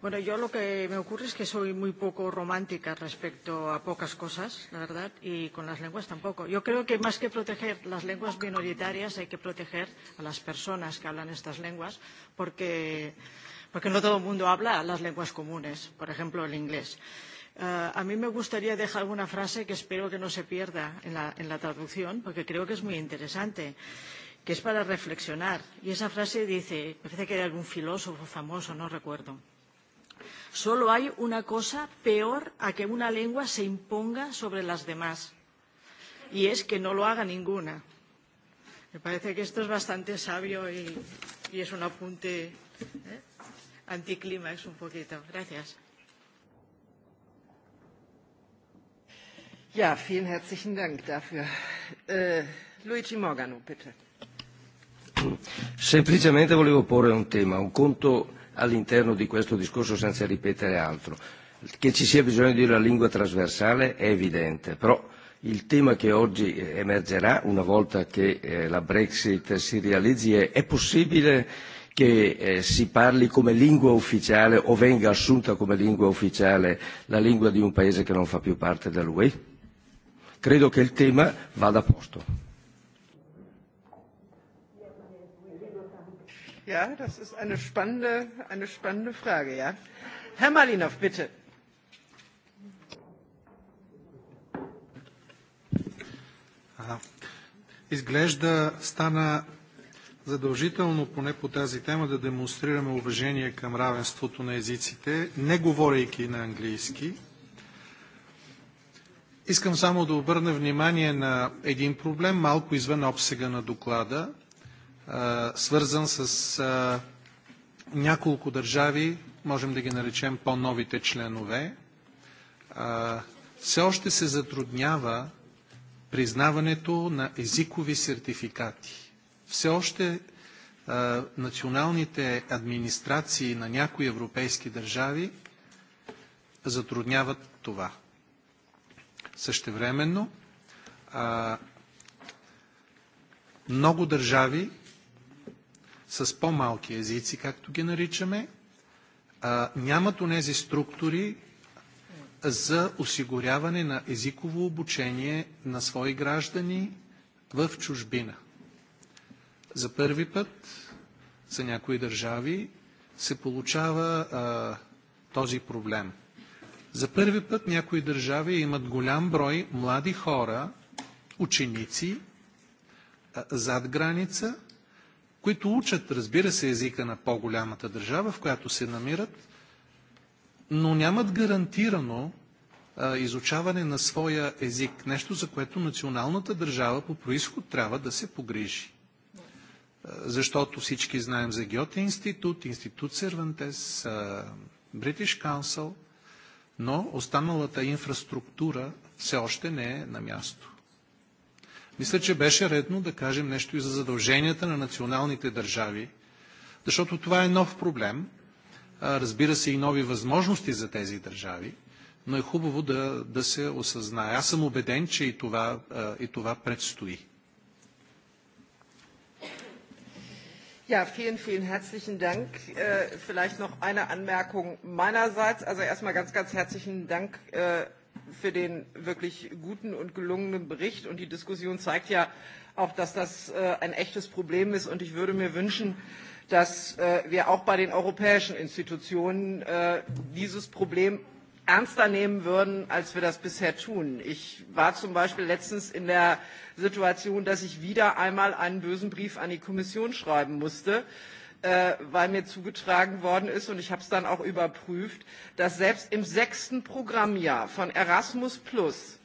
bueno, yo lo que me ocurre es que soy muy poco romántica respecto a pocas cosas, la verdad, y con las lenguas tampoco. Yo creo que más que proteger las lenguas minoritarias hay que proteger a las personas que hablan estas lenguas porque, porque no todo el mundo habla las lenguas comunes, por ejemplo el inglés. Uh, a mí me gustaría dejar alguna frase que espero que no se pierda en la, en la traducción porque creo que es muy interesante. Uh, que es para reflexionar. Y esa frase dice, parece que era algún filósofo famoso, no recuerdo. Solo hay una cosa peor a que una lengua se imponga sobre las demás, y es que no lo haga ninguna. Me parece que esto es bastante sabio y, y es un apunte ¿eh? anticlímax un poquito. Gracias. Ja, vielen herzlichen Dank dafür. Äh, Luigi Morgano, bitte. Semplicemente volevo porre un tema, un conto all'interno di questo discorso senza ripetere altro. Che ci sia bisogno di una lingua trasversale è evidente, però il tema che oggi emergerà una volta che eh, la Brexit si realizzi è è possibile che eh, si parli come lingua ufficiale o venga assunta come lingua ufficiale la lingua di un paese che non fa più parte dell'UE? Credo che il tema vada a posto. Ja, das ist eine spannende, eine spannende Frage, ja. Herr Malinov, bitte. Изглежда стана задължително поне по тази тема да демонстрираме уважение към равенството на езиците, не говорейки на английски. Искам само да обърна внимание на един проблем, малко извън обсега на доклада свързан с няколко държави, можем да ги наречем по-новите членове, все още се затруднява признаването на езикови сертификати. Все още националните администрации на някои европейски държави затрудняват това. Същевременно много държави с по-малки езици, както ги наричаме, а, нямат онези структури за осигуряване на езиково обучение на свои граждани в чужбина. За първи път за някои държави се получава а, този проблем. За първи път някои държави имат голям брой млади хора, ученици, а, зад граница – които учат, разбира се, езика на по-голямата държава, в която се намират, но нямат гарантирано а, изучаване на своя език, нещо за което националната държава по происход трябва да се погрижи. Защото всички знаем за Геоте институт, институт Сервантес, Бритиш Каунсъл, но останалата инфраструктура все още не е на място. Мисля, че беше редно да кажем нещо и за задълженията на националните държави, защото това е нов проблем. Разбира се и нови възможности за тези държави, но е хубаво да, да се осъзнае. Аз съм убеден, че и това, и това предстои. Ja, vielen, vielen herzlichen Dank. Äh, vielleicht noch eine Anmerkung meinerseits. Also erstmal ganz, ganz herzlichen Dank äh, für den wirklich guten und gelungenen Bericht. Und die Diskussion zeigt ja auch, dass das äh, ein echtes Problem ist. Und ich würde mir wünschen, dass äh, wir auch bei den europäischen Institutionen äh, dieses Problem ernster nehmen würden, als wir das bisher tun. Ich war zum Beispiel letztens in der Situation, dass ich wieder einmal einen bösen Brief an die Kommission schreiben musste, äh, äh, weil mir zugetragen worden ist, und ich habe es dann auch überprüft, dass selbst im sechsten Programmjahr von Erasmus Plus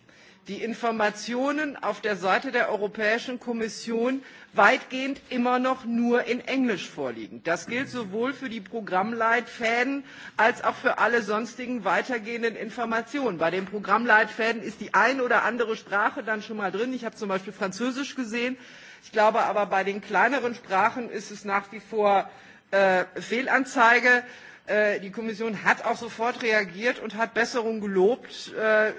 die Informationen auf der Seite der Europäischen Kommission weitgehend immer noch nur in Englisch vorliegen. Das gilt sowohl für die Programmleitfäden als auch für alle sonstigen weitergehenden Informationen. Bei den Programmleitfäden ist die eine oder andere Sprache dann schon mal drin. Ich habe zum Beispiel Französisch gesehen. Ich glaube aber, bei den kleineren Sprachen ist es nach wie vor äh, Fehlanzeige. Äh, die Kommission hat auch sofort reagiert und hat Besserung gelobt. Äh,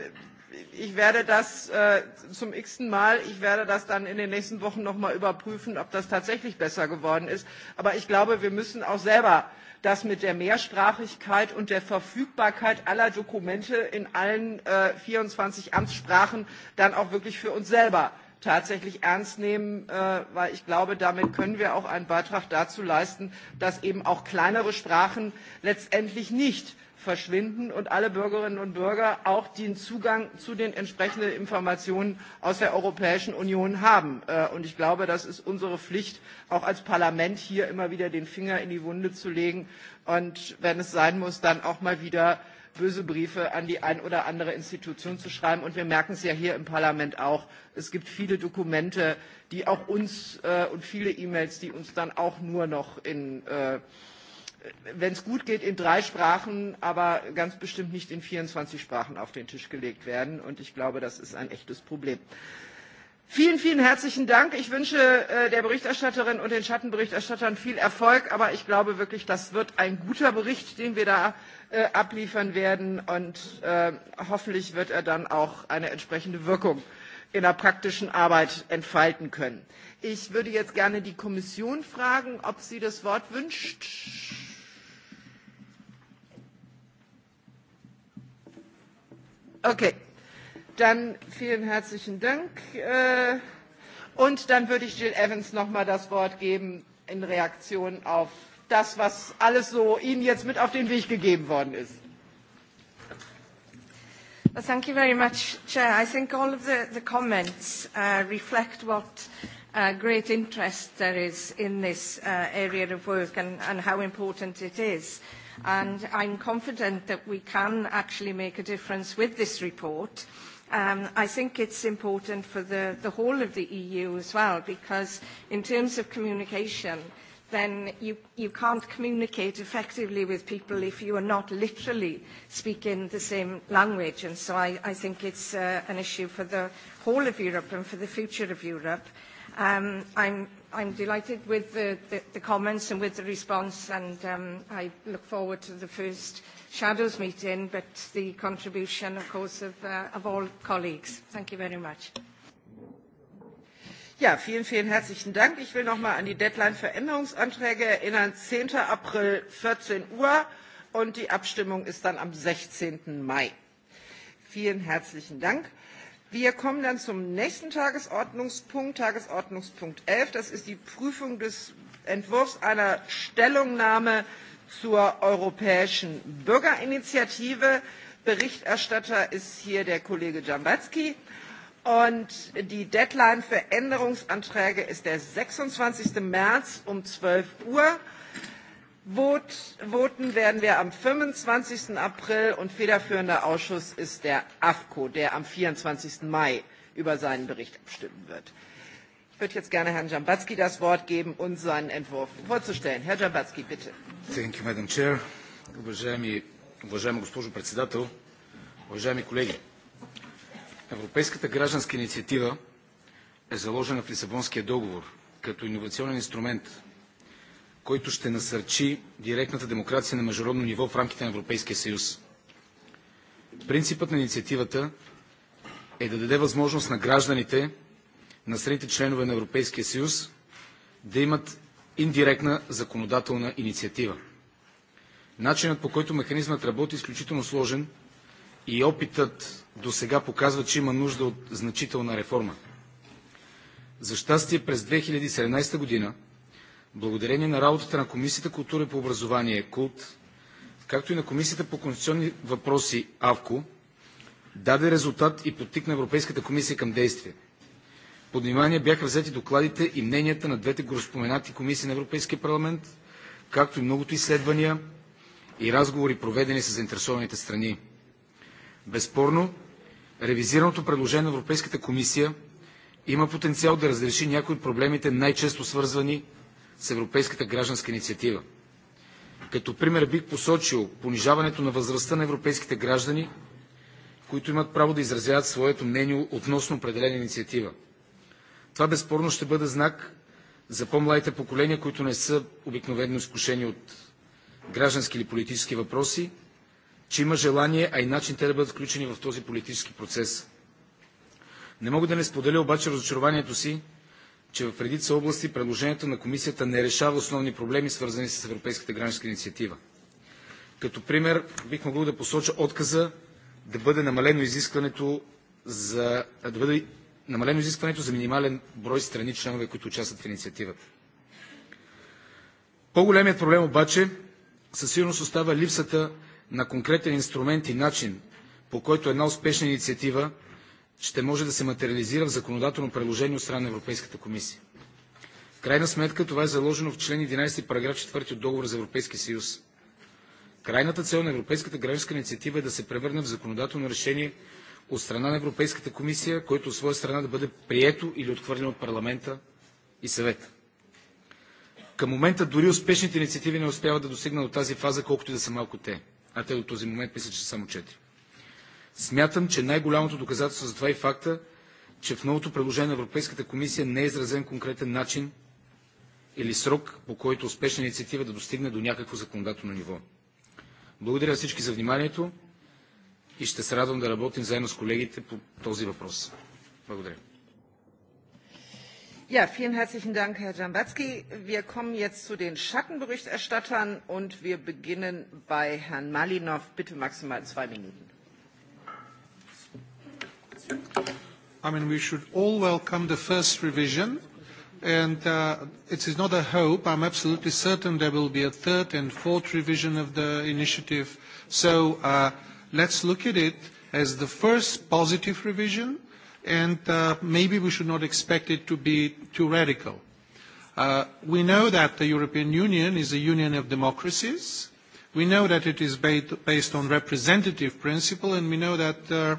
ich werde das äh, zum x Mal, ich werde das dann in den nächsten Wochen nochmal überprüfen, ob das tatsächlich besser geworden ist. Aber ich glaube, wir müssen auch selber das mit der Mehrsprachigkeit und der Verfügbarkeit aller Dokumente in allen äh, 24 Amtssprachen dann auch wirklich für uns selber tatsächlich ernst nehmen, äh, weil ich glaube, damit können wir auch einen Beitrag dazu leisten, dass eben auch kleinere Sprachen letztendlich nicht verschwinden und alle Bürgerinnen und Bürger auch den Zugang zu den entsprechenden Informationen aus der Europäischen Union haben. Äh, und ich glaube, das ist unsere Pflicht, auch als Parlament hier immer wieder den Finger in die Wunde zu legen und, wenn es sein muss, dann auch mal wieder böse Briefe an die ein oder andere Institution zu schreiben. Und wir merken es ja hier im Parlament auch. Es gibt viele Dokumente, die auch uns äh, und viele E-Mails, die uns dann auch nur noch in, äh, wenn es gut geht, in drei Sprachen, aber ganz bestimmt nicht in 24 Sprachen auf den Tisch gelegt werden. Und ich glaube, das ist ein echtes Problem. Äh, Vielen, vielen herzlichen Dank. Ich wünsche äh, der Berichterstatterin und den Schattenberichterstattern viel Erfolg, aber ich glaube wirklich, das wird ein guter Bericht, den wir da äh, abliefern werden und äh, hoffentlich wird er dann auch eine entsprechende Wirkung in der praktischen Arbeit entfalten können. Ich würde jetzt gerne die Kommission fragen, ob sie das Wort wünscht. Okay. Dann vielen herzlichen Dank. Äh, und dann würde ich Jill Evans nochmal das Wort geben in Reaktion auf das, was alles so Ihnen jetzt mit auf den Weg gegeben worden ist. Well, thank you very much, Chair. I think all of the, the comments uh, reflect what uh, great interest there is in this uh, area of work and, and how important it is. And I'm confident that we can actually make a difference with this report. Um, I think it's important for the, the whole of the EU as well, because in terms of communication, then you, you can't communicate effectively with people if you are not literally speaking the same language. And so I, I think it's uh, an issue for the whole of Europe and for the future of Europe. Um, I'm I'm delighted with the, the, the comments and with the response, and um, I look forward to the first Shadows meeting, but the contribution, of course, of, uh, of all colleagues. Thank you very much. Ja, vielen, vielen herzlichen Dank. Ich will noch mal an die Deadline für Änderungsanträge erinnern. 10. April, 14 Uhr. Und die Abstimmung ist dann am 16. Mai. Vielen herzlichen Dank. Wir kommen dann zum nächsten Tagesordnungspunkt, Tagesordnungspunkt 11. Das ist die Prüfung des Entwurfs einer Stellungnahme zur Europäischen Bürgerinitiative. Berichterstatter ist hier der Kollege Jambatzki. Und die Deadline für Änderungsanträge ist der 26. März um 12 Uhr. Voten werden wir am 25. April und federführender Ausschuss ist der AFCO, der am 24. Mai über seinen Bericht abstimmen wird. Ich würde jetzt gerne Herrn Jambatski das Wort geben, uns seinen Entwurf vorzustellen. Herr Jambatski, bitte. Thank you, Madam Chair. Уважаеми, уважаема госпожо председател, уважаеми колеги, Европейската гражданска инициатива е заложена в Лисабонския договор като инновационен инструмент който ще насърчи директната демокрация на международно ниво в рамките на Европейския съюз. Принципът на инициативата е да даде възможност на гражданите на средните членове на Европейския съюз да имат индиректна законодателна инициатива. Начинът по който механизмът работи е изключително сложен и опитът до сега показва, че има нужда от значителна реформа. За щастие през 2017 година Благодарение на работата на Комисията култура и по образование КУЛТ, както и на Комисията по конституционни въпроси АВКО, даде резултат и подтикна Европейската комисия към действие. Под внимание бяха взети докладите и мненията на двете гореспоменати комисии на Европейския парламент, както и многото изследвания и разговори, проведени с заинтересованите страни. Безспорно, ревизираното предложение на Европейската комисия има потенциал да разреши някои от проблемите, най-често свързвани с Европейската гражданска инициатива. Като пример бих посочил понижаването на възрастта на европейските граждани, които имат право да изразяват своето мнение относно определена инициатива. Това безспорно ще бъде знак за по-младите поколения, които не са обикновено изкушени от граждански или политически въпроси, че има желание, а и начин те да бъдат включени в този политически процес. Не мога да не споделя обаче разочарованието си, че в редица области предложението на комисията не решава основни проблеми, свързани с Европейската гражданска инициатива. Като пример бих могъл да посоча отказа да бъде намалено изискването за, да бъде намалено изискването за минимален брой страни членове, които участват в инициативата. По-големият проблем обаче със сигурност остава липсата на конкретен инструмент и начин, по който една успешна инициатива ще може да се материализира в законодателно предложение от страна на Европейската комисия. В крайна сметка това е заложено в член 11 параграф 4 от договора за Европейския съюз. Крайната цел на Европейската гражданска инициатива е да се превърне в законодателно решение от страна на Европейската комисия, което от своя страна да бъде прието или отхвърлено от парламента и съвета. Към момента дори успешните инициативи не успяват да достигнат до тази фаза, колкото и да са малко те, а те до този момент мисля, че са само четири. Смятам, че най-голямото доказателство за това е факта, че в новото предложение на Европейската комисия не е изразен конкретен начин или срок, по който успешна инициатива да достигне до някакво законодателно ниво. Благодаря всички за вниманието и ще се радвам да работим заедно с колегите по този въпрос. Благодаря. Ja, vielen herzlichen Dank, Herr Jambatzky. Wir kommen jetzt zu den Schattenberichterstattern und wir beginnen bei Herrn Malinov. Bitte maximal zwei Minuten. I mean, we should all welcome the first revision, and uh, it is not a hope. I'm absolutely certain there will be a third and fourth revision of the initiative. So uh, let's look at it as the first positive revision, and uh, maybe we should not expect it to be too radical. Uh, we know that the European Union is a union of democracies. We know that it is based on representative principle, and we know that uh,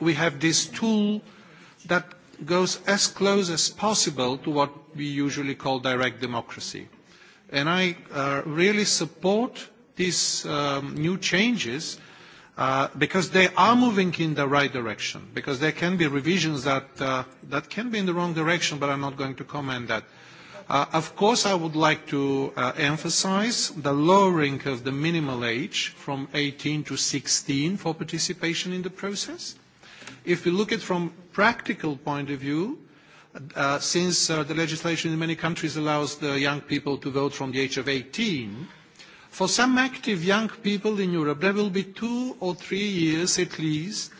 we have this tool that goes as close as possible to what we usually call direct democracy. And I uh, really support these um, new changes uh, because they are moving in the right direction, because there can be revisions that, uh, that can be in the wrong direction, but I'm not going to comment that. Uh, of course, I would like to uh, emphasize the lowering of the minimal age from 18 to 16 for participation in the process. Uh, If we look at it from a practical point of view, uh, since uh, the legislation in many countries allows the young people to vote from the age of 18, for some active young people in Europe, there will be two or three years at least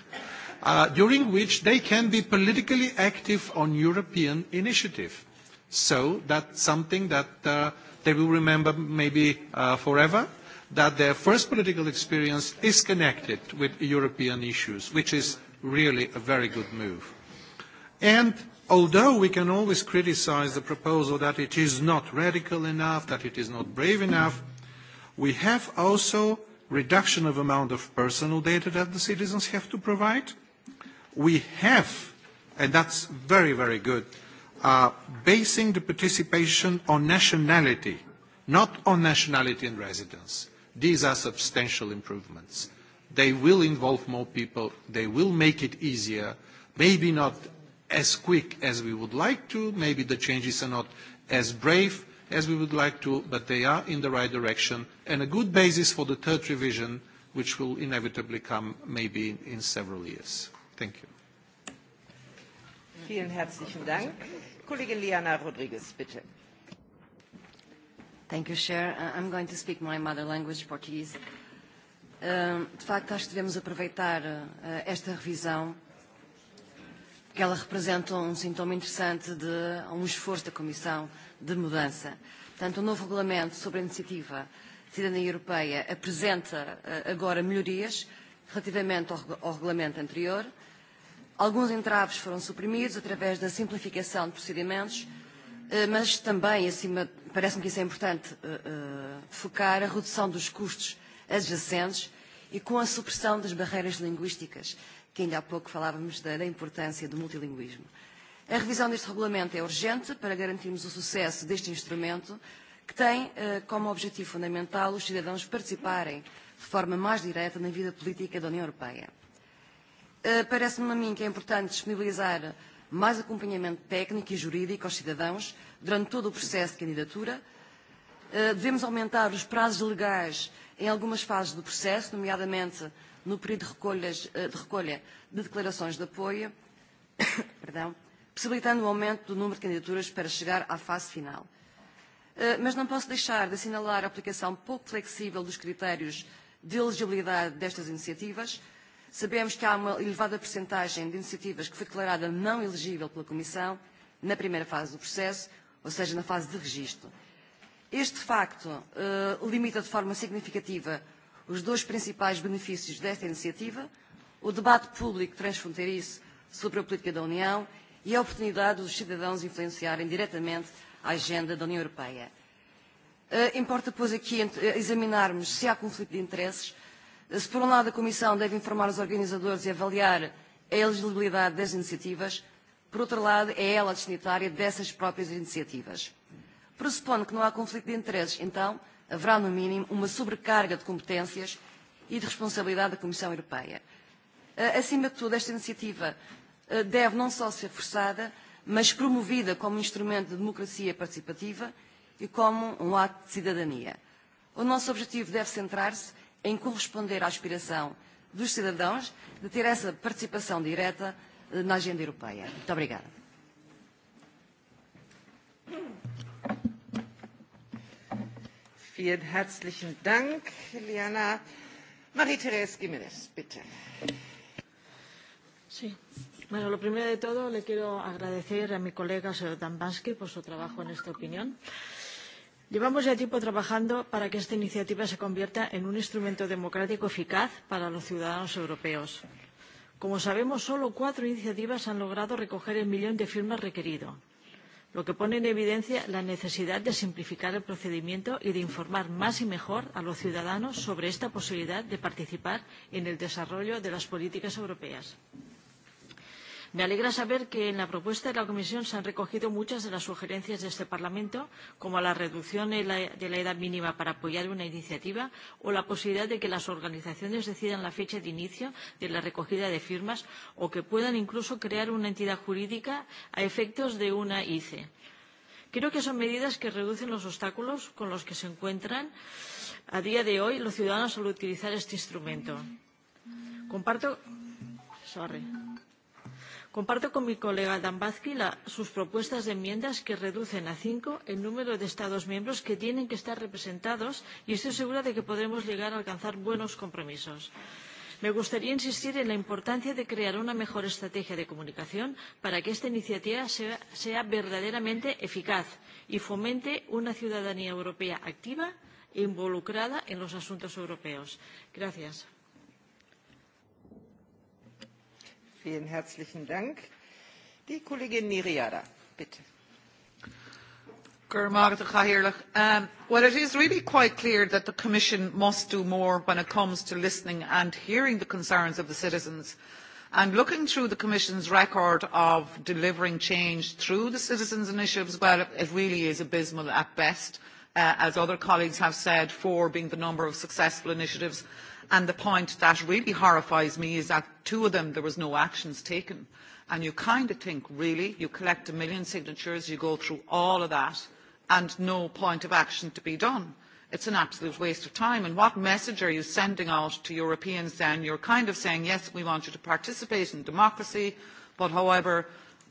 uh, during which they can be politically active on European initiative. So that's something that uh, they will remember maybe uh, forever, that their first political experience is connected with European issues, which is really a very good move. And although we can always criticize the proposal that it is not radical enough, that it is not brave enough, we have also reduction of amount of personal data that the citizens have to provide. We have, and that's very, very good, uh, basing the participation on nationality, not on nationality and residence. These are substantial improvements. They will involve more people. They will make it easier. Maybe not as quick as we would like to. Maybe the changes are not as brave as we would like to, but they are in the right direction and a good basis for the third revision, which will inevitably come maybe in, in several years. Thank you. Vielen herzlichen Dank. Kollegin Liana Rodriguez, bitte. Thank you, Chair. Uh, I'm going to speak my mother language, Portuguese. De facto, acho que devemos aproveitar eh, esta revisão, porque ela representa um sintoma interessante de um esforço da Comissão de mudança. Portanto, o novo regulamento sobre a iniciativa de cidadania europeia apresenta eh, agora melhorias relativamente ao regulamento anterior. Alguns entraves foram suprimidos através da simplificação de procedimentos, eh, mas também, acima, parece-me que isso é importante, focar a redução dos custos adjacentes e com a supressão das barreiras linguísticas, que ainda há pouco falávamos da, da importância do multilinguismo. A revisão deste regulamento é urgente para garantirmos o sucesso deste instrumento, que tem eh, como objetivo fundamental os cidadãos participarem de forma mais direta na vida política da União Europeia. Eh, parece-me a mim que é importante disponibilizar mais acompanhamento técnico e jurídico aos cidadãos durante todo o processo de candidatura. Eh, devemos aumentar os prazos legais em algumas fases do processo, nomeadamente no período de, recolhas, eh, de recolha de declarações de apoio, perdão, possibilitando o aumento do número de candidaturas para chegar à fase final. Eh, mas não posso deixar de assinalar a aplicação pouco flexível dos critérios de elegibilidade destas iniciativas. Sabemos que há uma elevada percentagem de iniciativas que foi declarada não elegível pela Comissão na primeira fase do processo, ou seja, na fase de registro. Este facto uh, limita de forma significativa os dois principais benefícios desta iniciativa, o debate público transfronteiriço sobre a política da União e a oportunidade dos cidadãos influenciarem diretamente a agenda da União Europeia. Uh, importa, pois, aqui eh, examinarmos se há conflito de interesses, se por um lado a Comissão deve informar os organizadores e avaliar a elegibilidade das iniciativas, por outro lado é ela a destinatária dessas próprias iniciativas pressupondo que não há conflito de interesses, então haverá, no mínimo, uma sobrecarga de competências e de responsabilidade da Comissão Europeia. Eh, acima de tudo, esta iniciativa eh, deve não só ser forçada, mas promovida como instrumento de democracia participativa e como um ato de cidadania. O nosso objetivo deve centrar-se em corresponder à aspiração dos cidadãos de ter essa participação direta eh, na agenda europeia. Muito obrigada. Vielen herzlichen Dank, Liana. Marie-Therese Gimenez, bitte. Sí. Bueno, lo primero de todo, le quiero agradecer a mi colega señor Dambansky por su trabajo en esta opinión. Llevamos ya tiempo trabajando para que esta iniciativa se convierta en un instrumento democrático eficaz para los ciudadanos europeos. Como sabemos, solo cuatro iniciativas han logrado recoger el millón de firmas requerido lo que pone en evidencia la necesidad de simplificar el procedimiento y de informar más y mejor a los ciudadanos sobre esta posibilidad de participar en el desarrollo de las políticas europeas. Me alegra saber que en la propuesta de la Comisión se han recogido muchas de las sugerencias de este Parlamento, como la reducción de la, edad mínima para apoyar una iniciativa o la posibilidad de que las organizaciones decidan la fecha de inicio de la recogida de firmas o que puedan incluso crear una entidad jurídica a efectos de una ICE. Creo que son medidas que reducen los obstáculos con los que se encuentran a día de hoy los ciudadanos al utilizar este instrumento. Comparto, sorry, Comparto con mi colega Dambaski la, sus propuestas de enmiendas que reducen a cinco el número de Estados miembros que tienen que estar representados y estoy segura de que podremos llegar a alcanzar buenos compromisos. Me gustaría insistir en la importancia de crear una mejor estrategia de comunicación para que esta iniciativa sea, sea verdaderamente eficaz y fomente una ciudadanía europea activa e involucrada en los asuntos europeos. Gracias. Vielen herzlichen Dank. Die Kollegin Niriada, bitte. Um, well, it is really quite clear that the Commission must do more when it comes to listening and hearing the concerns of the citizens. And looking through the Commission's record of delivering change through the citizens' initiatives, well, it really is abysmal at best, uh, as other colleagues have said, four being the number of successful initiatives And the point that really horrifies me is that two of them, there was no actions taken. And you kind of think, really, you collect a million signatures, you go through all of that, and no point of action to be done. It's an absolute waste of time. And what message are you sending out to Europeans then? You're kind of saying, yes, we want you to participate in democracy, but however,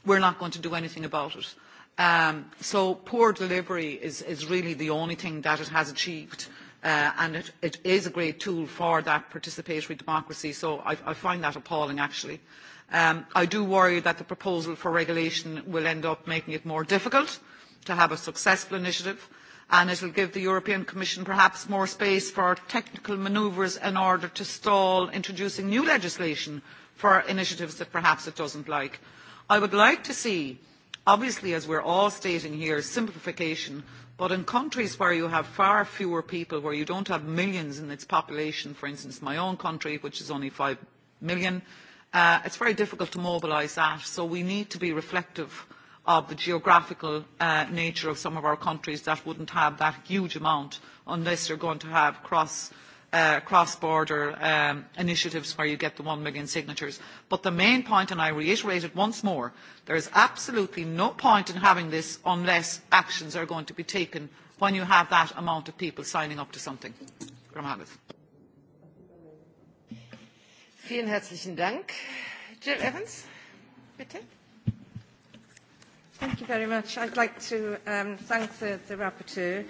we're not going to do anything about it. Um, so poor delivery is, is really the only thing that it has achieved uh, and it, it is a great tool for that participatory democracy, so I, I find that appalling actually. Um, I do worry that the proposal for regulation will end up making it more difficult to have a successful initiative, and it will give the European Commission perhaps more space for technical manoeuvres in order to stall introducing new legislation for initiatives that perhaps it doesn't like. I would like to see, obviously as we're all stating here, simplification, But in countries where you have far fewer people, where you don't have millions in its population, for instance, my own country, which is only five million, uh, it's very difficult to mobilise that. So we need to be reflective of the geographical uh, nature of some of our countries that wouldn't have that huge amount unless you're going to have cross uh, cross-border um, initiatives where you get the one million signatures. But the main point, and I reiterate it once more, there is absolutely no point in having this unless actions are going to be taken when you have that amount of people signing up to something. Vielen herzlichen Dank. Jill Evans, bitte. Thank you very much. I'd like to um, thank the, the rapporteur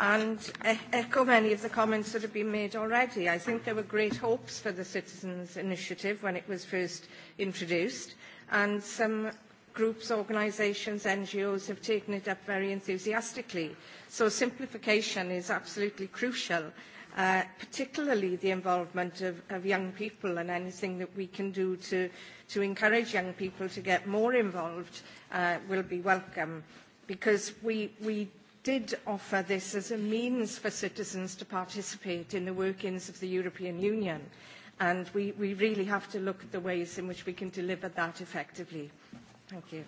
and e-, echo many of the comments that have been made already. I think there were great hopes for the Citizens Initiative when it was first introduced, and some groups, organisations, NGOs have taken it up very enthusiastically. So simplification is absolutely crucial, uh, particularly the involvement of, of young people and anything that we can do to, to encourage young people to get more involved uh, will be welcome because we, we did offer this as a means for citizens to participate in the workings of the European Union. And we, we really have to look at the ways in which we can deliver that effectively. Thank you.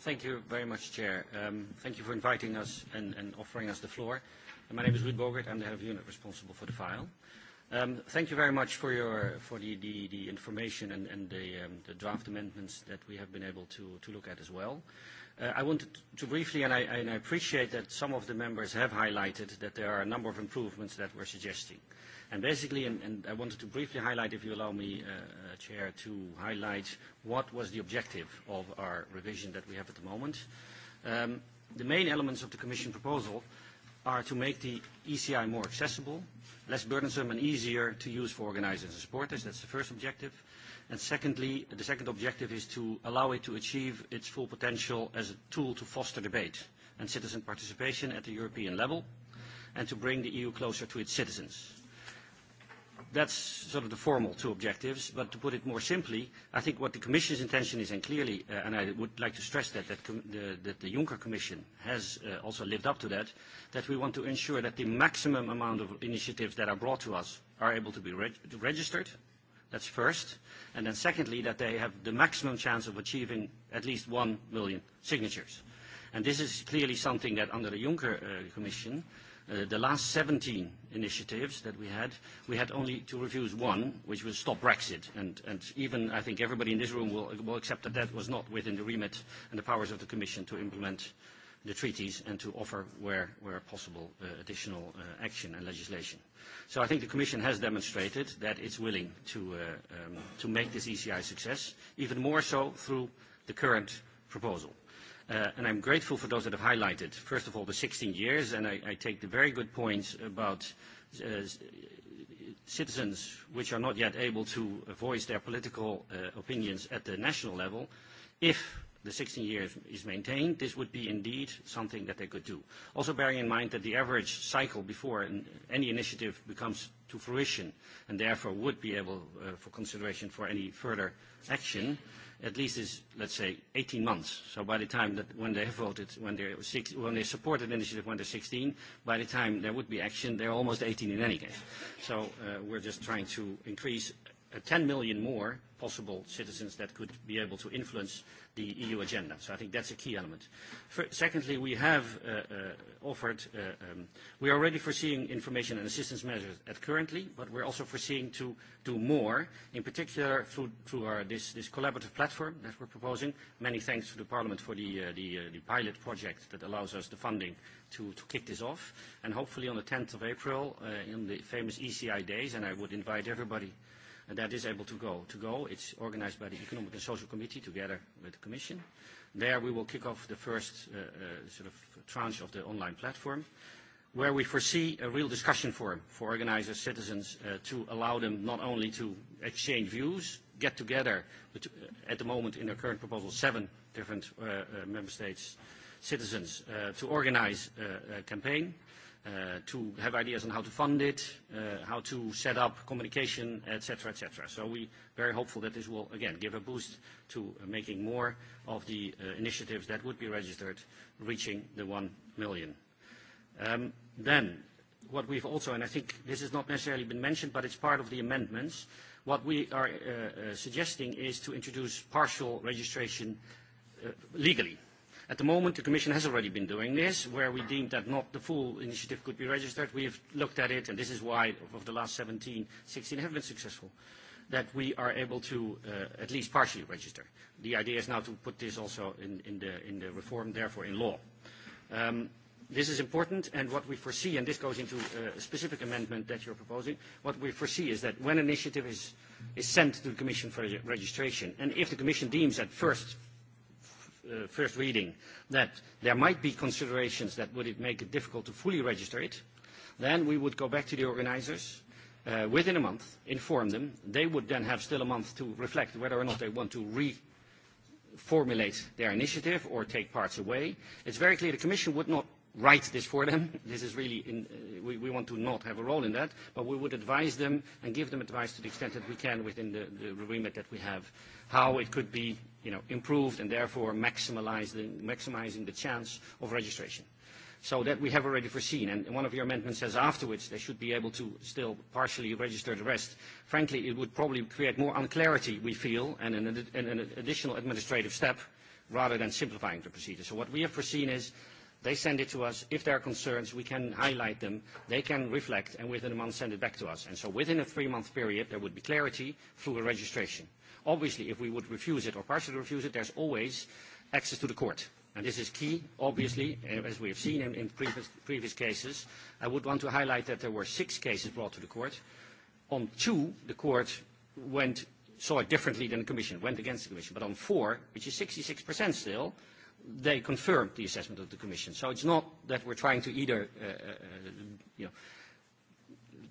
Thank you very much, Chair. Um, thank you for inviting us and, and offering us the floor. My name is Ruud Bogert. I'm the head of unit responsible for the file. Um, thank you very much for your for the the, the information and, and the, um, the draft amendments that we have been able to to look at as well. Uh, I wanted to briefly, and I, and I appreciate that some of the members have highlighted that there are a number of improvements that we're suggesting. And basically, and, and I wanted to briefly highlight, if you allow me, uh, uh, Chair, to highlight what was the objective of our revision that we have at the moment. Um, the main elements of the Commission proposal uh, are to make the ECI more accessible, less burdensome and easier to use for organizers and supporters. That's the first objective. And secondly, the second objective is to allow it to achieve its full potential as a tool to foster debate and citizen participation at the European level and to bring the EU closer to its citizens. That's sort of the formal two objectives, but to put it more simply, I think what the Commission's intention is, and clearly, uh, and I would like to stress that, that, com the, that the Juncker Commission has uh, also lived up to that, that we want to ensure that the maximum amount of initiatives that are brought to us are able to be reg registered. That's first. And then secondly, that they have the maximum chance of achieving at least one million signatures. And this is clearly something that under the Juncker uh, Commission, uh, Uh, the last 17 initiatives that we had, we had only to refuse one, which was Stop Brexit. And, and even I think everybody in this room will, will accept that that was not within the remit and the powers of the Commission to implement the treaties and to offer, where, where possible, uh, additional uh, action and legislation. So I think the Commission has demonstrated that it's willing to, uh, um, to make this ECI success, even more so through the current proposal. Uh, and I'm grateful for those that have highlighted, first of all, the 16 years, and I, I take the very good points about uh, citizens which are not yet able to voice their political uh, opinions at the national level. If the 16 years is maintained, this would be indeed something that they could do. Also bearing in mind that the average cycle before any initiative becomes to fruition and therefore would be able uh, for consideration for any further action at least is, let's say, 18 months. So by the time that when they have voted, when, they're six, when they support an initiative when they're 16, by the time there would be action, they're almost 18 in any case. So uh, we're just trying to increase 10 uh, million more possible citizens that could be able to influence the EU agenda. So I think that's a key element. For, secondly, we have uh, uh, offered, uh, um, we are already foreseeing information and assistance measures at currently, but we're also foreseeing to do more, in particular through, through our, this, this collaborative platform that we're proposing. Many thanks to the Parliament for the, uh, the, uh, the pilot project that allows us the funding to, to kick this off. And hopefully on the 10th of April, uh, in the famous ECI days, and I would invite everybody that is able to go. To go, it's organized by the Economic and Social Committee together with the Commission. There we will kick off the first uh, uh, sort of tranche of the online platform, where we foresee a real discussion forum for organizers, citizens, uh, to allow them not only to exchange views, get together, but to, uh, at the moment in their current proposal, seven different uh, uh, member states' citizens uh, to organize uh, a campaign uh, to have ideas on how to fund it, uh, how to set up communication, etc., etc. So we're very hopeful that this will, again, give a boost to uh, making more of the uh, initiatives that would be registered reaching the 1 million. Um, then, what we've also, and I think this has not necessarily been mentioned, but it's part of the amendments, what we are uh, uh, suggesting is to introduce partial registration uh, legally At the moment, the Commission has already been doing this, where we deemed that not the full initiative could be registered. We have looked at it, and this is why, of the last 17, 16 have been successful, that we are able to uh, at least partially register. The idea is now to put this also in, in, the, in the reform, therefore in law. Um, this is important, and what we foresee, and this goes into uh, a specific amendment that you're proposing, what we foresee is that when an initiative is, is sent to the Commission for registration, and if the Commission deems at first uh, first reading that there might be considerations that would it make it difficult to fully register it, then we would go back to the organizers uh, within a month, inform them. They would then have still a month to reflect whether or not they want to re formulate their initiative or take parts away. It's very clear the Commission would not write this for them. This is really, in, uh, we, we want to not have a role in that, but we would advise them and give them advice to the extent that we can within the, the remit that we have, how it could be you know, improved and therefore maximizing, the chance of registration. So that we have already foreseen, and one of your amendments says afterwards they should be able to still partially register the rest. Frankly, it would probably create more unclarity, we feel, and an, ad and an additional administrative step rather than simplifying the procedure. So what we have foreseen is They send it to us. If there are concerns, we can highlight them. They can reflect and within a month send it back to us. And so within a three-month period, there would be clarity through a registration. Obviously, if we would refuse it or partially refuse it, there's always access to the court. And this is key, obviously, eh, as we have seen in, in previous, previous cases. I would want to highlight that there were six cases brought to the court. On two, the court went, saw it differently than the Commission, went against the Commission. But on four, which is 66% still, they confirmed the assessment of the Commission. So it's not that we're trying to either uh, uh, you know,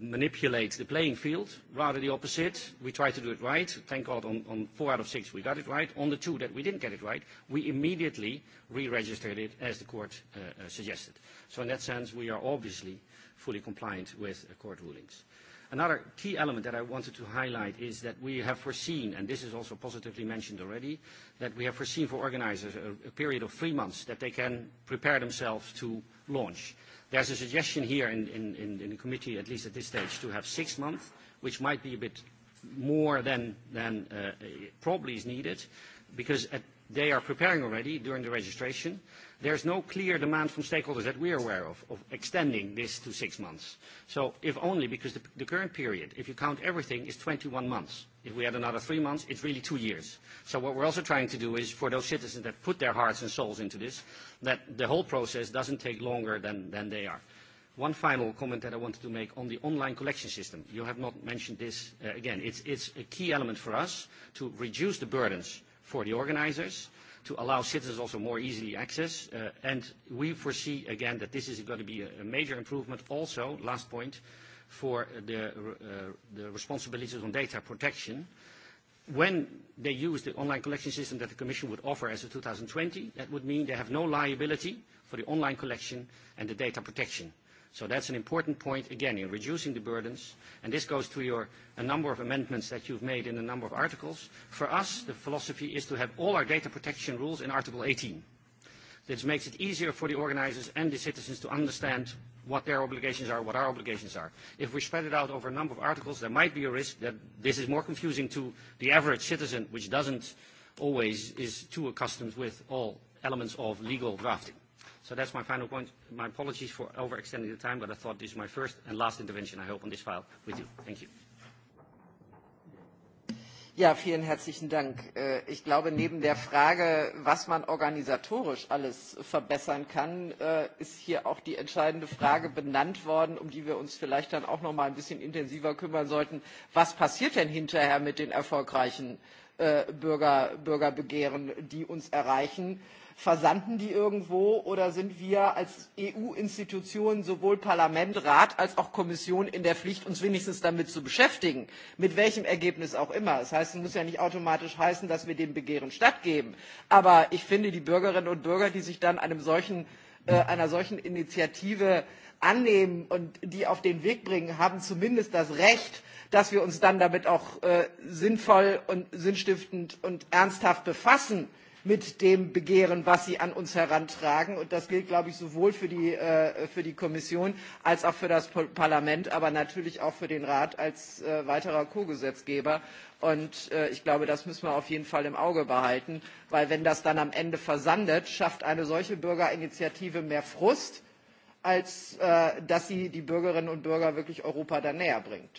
manipulate the playing field, rather the opposite. We try to do it right. Thank God on, on four out of six we got it right. On the two that we didn't get it right, we immediately re-registered it as the court uh, uh, suggested. So in that sense, we are obviously fully compliant with uh, court rulings. Uh, Another key element that I wanted to highlight is that we have foreseen, and this is also positively mentioned already, that we have foreseen for organizers a, a period of three months that they can prepare themselves to launch. There's a suggestion here in, in, in, in the committee, at least at this stage, to have six months, which might be a bit more than, than uh, probably is needed, because at They are preparing already during the registration. There's no clear demand from stakeholders that we are aware of, of extending this to six months. So if only, because the, the current period, if you count everything, is 21 months. If we had another three months, it's really two years. So what we're also trying to do is for those citizens that put their hearts and souls into this, that the whole process doesn't take longer than, than they are. One final comment that I wanted to make on the online collection system. You have not mentioned this uh, again. It's, it's a key element for us to reduce the burdens for the organizers to allow citizens also more easily access. Uh, and we foresee, again, that this is going to be a, a major improvement also, last point, for the, uh, the responsibilities on data protection. When they use the online collection system that the Commission would offer as of 2020, that would mean they have no liability for the online collection and the data protection. So that's an important point, again, in reducing the burdens. And this goes to your, a number of amendments that you've made in a number of articles. For us, the philosophy is to have all our data protection rules in Article 18. This makes it easier for the organizers and the citizens to understand what their obligations are, what our obligations are. If we spread it out over a number of articles, there might be a risk that this is more confusing to the average citizen, which doesn't always is too accustomed with all elements of legal drafting. So that's my final point. My apologies for overextending the time, but I thought this is my first and last intervention, I hope, on this file with you. Thank you. Ja, vielen herzlichen Dank. Äh, ich glaube, neben der Frage, was man organisatorisch alles verbessern kann, äh, ist hier auch die entscheidende Frage benannt worden, um die wir uns vielleicht dann auch noch mal ein bisschen intensiver kümmern sollten. Was passiert denn hinterher mit den erfolgreichen äh, Bürger, Bürgerbegehren, die uns erreichen? versanden die irgendwo oder sind wir als EU-Institutionen, sowohl Parlament, Rat als auch Kommission in der Pflicht, uns wenigstens damit zu beschäftigen, mit welchem Ergebnis auch immer. Das heißt, es muss ja nicht automatisch heißen, dass wir dem Begehren stattgeben. Aber ich finde, die Bürgerinnen und Bürger, die sich dann einem solchen, äh, einer solchen Initiative annehmen und die auf den Weg bringen, haben zumindest das Recht, dass wir uns dann damit auch äh, sinnvoll und sinnstiftend und ernsthaft befassen mit dem Begehren, was sie an uns herantragen. Und das gilt, glaube ich, sowohl für die, äh, für die Kommission als auch für das Parlament, aber natürlich auch für den Rat als äh, weiterer Co-Gesetzgeber. Und äh, ich glaube, das müssen wir auf jeden Fall im Auge behalten, weil wenn das dann am Ende versandet, schafft eine solche Bürgerinitiative mehr Frust, als äh, dass sie die Bürgerinnen und Bürger wirklich Europa dann näher bringt.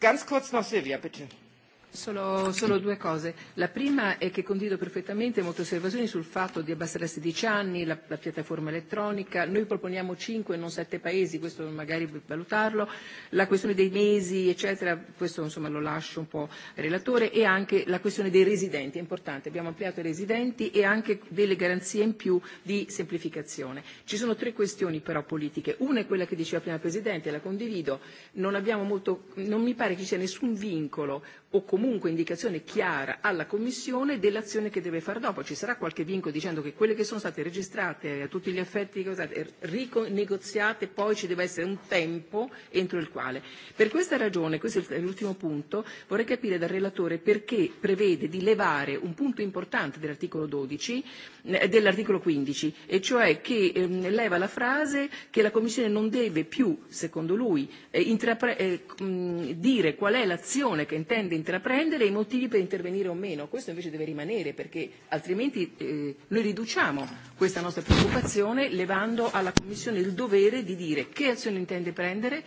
Ganz kurz noch Silvia, bitte. Solo, solo due cose. La prima è che condivido perfettamente molte osservazioni sul fatto di abbassare a 16 anni la, la piattaforma elettronica. Noi proponiamo 5 e non 7 paesi, questo magari valutarlo. La questione dei mesi, eccetera, questo insomma lo lascio un po' al relatore. E anche la questione dei residenti, è importante. Abbiamo ampliato i residenti e anche delle garanzie in più di semplificazione. Ci sono tre questioni però politiche. Una è quella che diceva prima il Presidente, la condivido. Non, abbiamo molto, non mi pare che ci sia nessun vincolo o comunque comunque indicazione chiara alla Commissione dell'azione che deve fare dopo. Ci sarà qualche vinco dicendo che quelle che sono state registrate eh, a tutti gli effetti eh, rinegoziate, poi ci deve essere un tempo entro il quale. Per questa ragione, questo è l'ultimo punto, vorrei capire dal relatore perché prevede di levare un punto importante dell'articolo 12, eh, dell'articolo 15, e cioè che ehm, leva la frase che la Commissione non deve più, secondo lui, dire qual è l'azione che intende intraprendere comprendere i motivi per intervenire o meno. Questo invece deve rimanere perché altrimenti eh, noi riduciamo questa nostra preoccupazione levando alla Commissione il dovere di dire che azione intende prendere,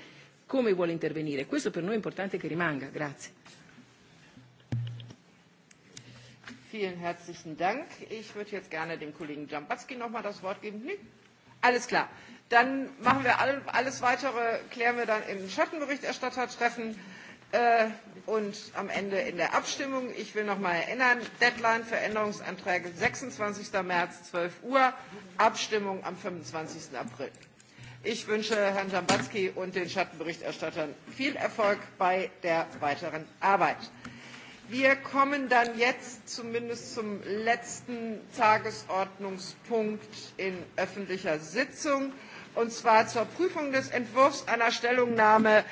come vuole intervenire. Questo per noi è importante che rimanga. Grazie. Vielen herzlichen Dank. Ich würde jetzt gerne dem Kollegen Jambatski noch mal das Wort geben. Nee? Alles klar. Dann machen wir alles weitere, klären wir dann im Schattenberichterstattertreffen äh, und am Ende in der Abstimmung. Ich will noch mal erinnern, Deadline für Änderungsanträge 26. März 12 Uhr, Abstimmung am 25. April. Ich wünsche Herrn Jambatzki und den Schattenberichterstattern viel Erfolg bei der weiteren Arbeit. Wir kommen dann jetzt zumindest zum letzten Tagesordnungspunkt in öffentlicher Sitzung, und zwar zur Prüfung des Entwurfs einer Stellungnahme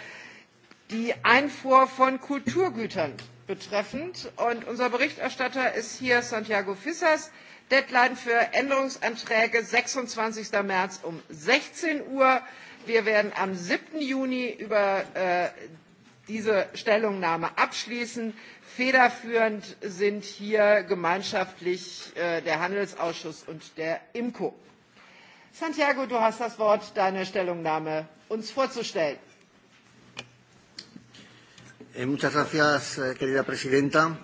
die Einfuhr von Kulturgütern betreffend. Und unser Berichterstatter ist hier Santiago Fissers. Deadline für Änderungsanträge 26. März um 16 Uhr. Wir werden am 7. Juni über äh, diese Stellungnahme abschließen. Federführend sind hier gemeinschaftlich äh, der Handelsausschuss und der IMCO. Santiago, du hast das Wort, deine Stellungnahme uns vorzustellen. Eh, muchas gracias, eh, querida presidenta.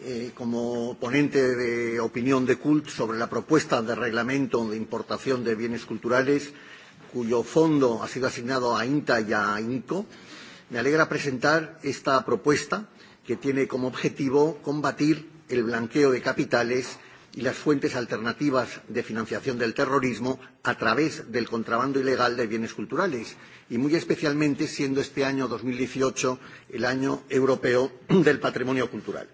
Eh, como ponente de opinión de CULT sobre la propuesta de reglamento de importación de bienes culturales, cuyo fondo ha sido asignado a INTA y a INCO, me alegra presentar esta propuesta que tiene como objetivo combatir el blanqueo de capitales y las fuentes alternativas de financiación del terrorismo a través del contrabando ilegal de bienes culturales y muy especialmente siendo este año 2018 el año europeo del patrimonio cultural.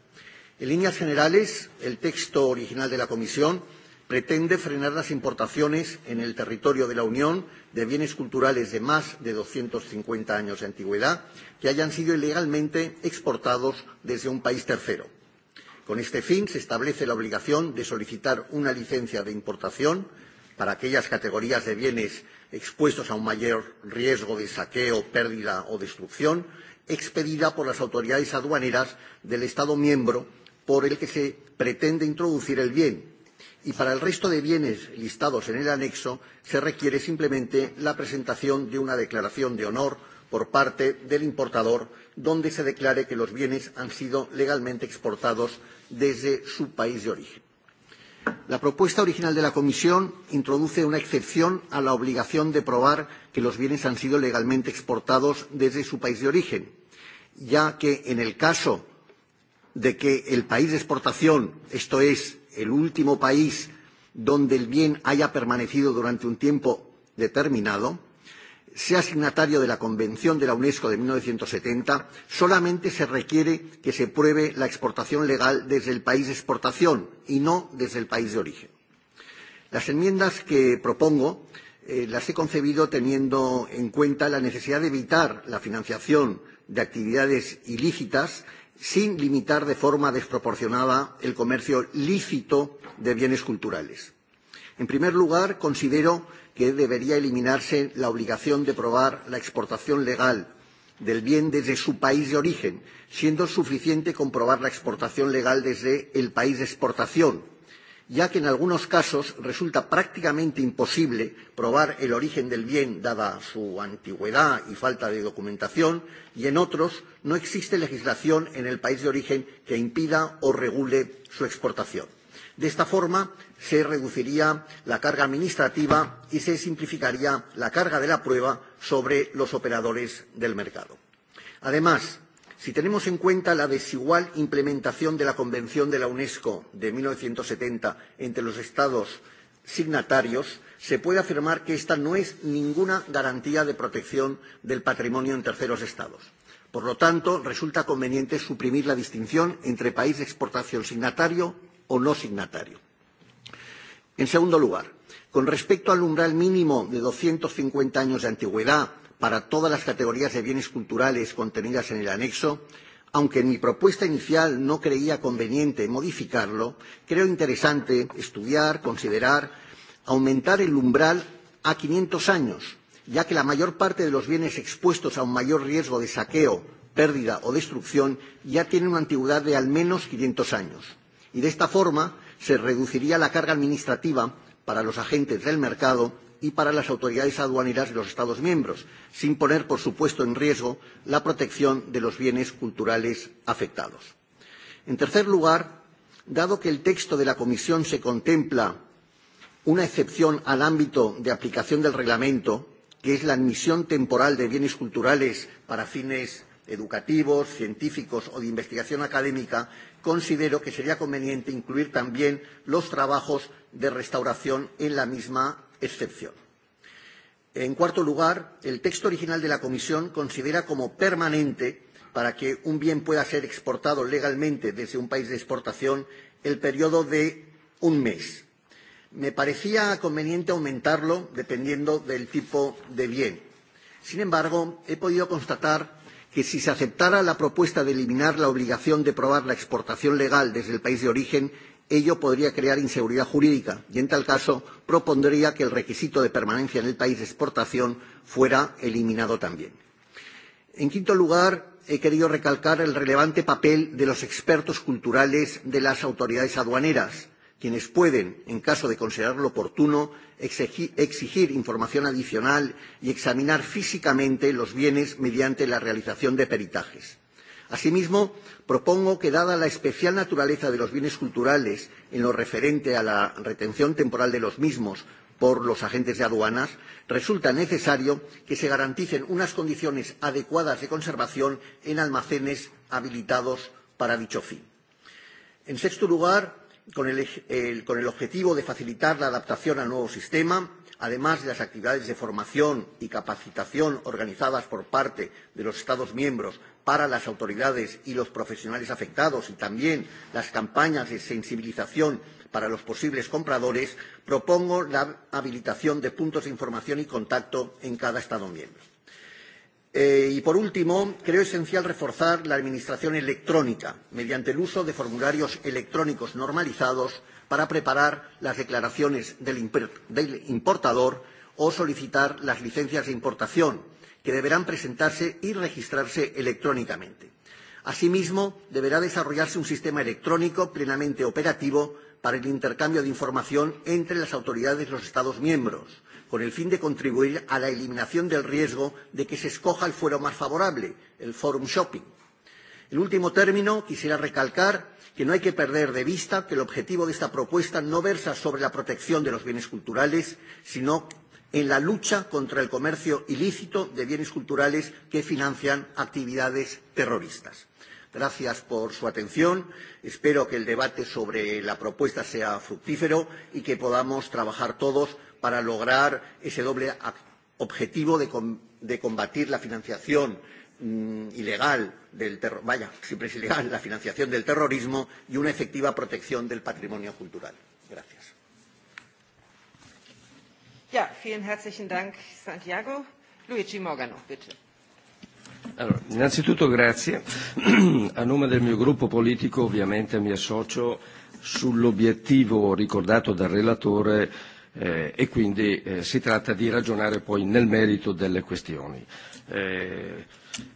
En líneas generales, el texto original de la Comisión pretende frenar las importaciones en el territorio de la Unión de bienes culturales de más de 250 años de antigüedad que hayan sido ilegalmente exportados desde un país tercero. Con este fin, se establece la obligación de solicitar una licencia de importación para aquellas categorías de bienes expuestos a un mayor riesgo de saqueo, pérdida o destrucción, expedida por las autoridades aduaneras del Estado miembro por el que se pretende introducir el bien. Y para el resto de bienes listados en el anexo se requiere simplemente la presentación de una declaración de honor por parte del importador donde se declare que los bienes han sido legalmente exportados desde su país de origen. La propuesta original de la Comisión introduce una excepción a la obligación de probar que los bienes han sido legalmente exportados desde su país de origen, ya que en el caso de que el país de exportación, esto es, el último país donde el bien haya permanecido durante un tiempo determinado, sea signatario de la Convención de la UNESCO de 1970, solamente se requiere que se pruebe la exportación legal desde el país de exportación y no desde el país de origen. Las enmiendas que propongo eh, las he concebido teniendo en cuenta la necesidad de evitar la financiación de actividades ilícitas sin limitar de forma desproporcionada el comercio lícito de bienes culturales. En primer lugar, considero que debería eliminarse la obligación de probar la exportación legal del bien desde su país de origen, siendo suficiente comprobar la exportación legal desde el país de exportación, ya que en algunos casos resulta prácticamente imposible probar el origen del bien dada su antigüedad y falta de documentación, y en otros no existe legislación en el país de origen que impida o regule su exportación. De esta forma, se reduciría la carga administrativa y se simplificaría la carga de la prueba sobre los operadores del mercado. Además, si tenemos en cuenta la desigual implementación de la Convención de la UNESCO de 1970 entre los Estados signatarios, se puede afirmar que esta no es ninguna garantía de protección del patrimonio en terceros estados. Por lo tanto, resulta conveniente suprimir la distinción entre país de exportación signatario o no signatario. En segundo lugar, con respecto al umbral mínimo de 250 años de antigüedad para todas las categorías de bienes culturales contenidas en el anexo, aunque en mi propuesta inicial no creía conveniente modificarlo, creo interesante estudiar, considerar, aumentar el umbral a 500 años, ya que la mayor parte de los bienes expuestos a un mayor riesgo de saqueo, pérdida o destrucción ya tienen una antigüedad de al menos 500 años y de esta forma se reduciría la carga administrativa para los agentes del mercado y para las autoridades aduaneras de los Estados miembros, sin poner, por supuesto, en riesgo la protección de los bienes culturales afectados. En tercer lugar, dado que el texto de la Comisión se contempla una excepción al ámbito de aplicación del reglamento, que es la admisión temporal de bienes culturales para fines educativos, científicos o de investigación académica, considero que sería conveniente incluir también los trabajos de restauración en la misma excepción. En cuarto lugar, el texto original de la Comisión considera como permanente para que un bien pueda ser exportado legalmente desde un país de exportación el periodo de un mes. Me parecía conveniente aumentarlo dependiendo del tipo de bien. Sin embargo, he podido constatar que si se aceptara la propuesta de eliminar la obligación de probar la exportación legal desde el país de origen, ello podría crear inseguridad jurídica y, en tal caso, propondría que el requisito de permanencia en el país de exportación fuera eliminado también. En quinto lugar, he querido recalcar el relevante papel de los expertos culturales de las autoridades aduaneras, quienes pueden, en caso de considerarlo oportuno, exigir, información adicional y examinar físicamente los bienes mediante la realización de peritajes. Asimismo, propongo que, dada la especial naturaleza de los bienes culturales en lo referente a la retención temporal de los mismos por los agentes de aduanas, resulta necesario que se garanticen unas condiciones adecuadas de conservación en almacenes habilitados para dicho fin. En sexto lugar, con el, el, con el objetivo de facilitar la adaptación al nuevo sistema, además de las actividades de formación y capacitación organizadas por parte de los Estados miembros para las autoridades y los profesionales afectados y también las campañas de sensibilización para los posibles compradores, propongo la habilitación de puntos de información y contacto en cada Estado miembro. Eh, y por último, creo esencial reforzar la administración electrónica mediante el uso de formularios electrónicos normalizados para preparar las declaraciones del, del importador o solicitar las licencias de importación, que deberán presentarse y registrarse electrónicamente. Asimismo, deberá desarrollarse un sistema electrónico plenamente operativo para el intercambio de información entre las autoridades de los Estados miembros, con el fin de contribuir a la eliminación del riesgo de que se escoja el fuero más favorable, el forum shopping. En último término, quisiera recalcar que no hay que perder de vista que el objetivo de esta propuesta no versa sobre la protección de los bienes culturales, sino en la lucha contra el comercio ilícito de bienes culturales que financian actividades terroristas. Gracias por su atención. Espero que el debate sobre la propuesta sea fructífero y que podamos trabajar todos para lograr ese doble objetivo de, com de combatir la financiación mmm, ilegal del terror, vaya, siempre es ilegal, la financiación del terrorismo y una efectiva protección del patrimonio cultural. Gracias. Ja, vielen herzlichen Dank, Santiago. Luigi Mogano, bitte. Allora, innanzitutto grazie. A nome del mio gruppo politico ovviamente mi associo sull'obiettivo ricordato dal relatore eh, eh, e quindi eh, si tratta di ragionare poi nel merito delle questioni. Eh,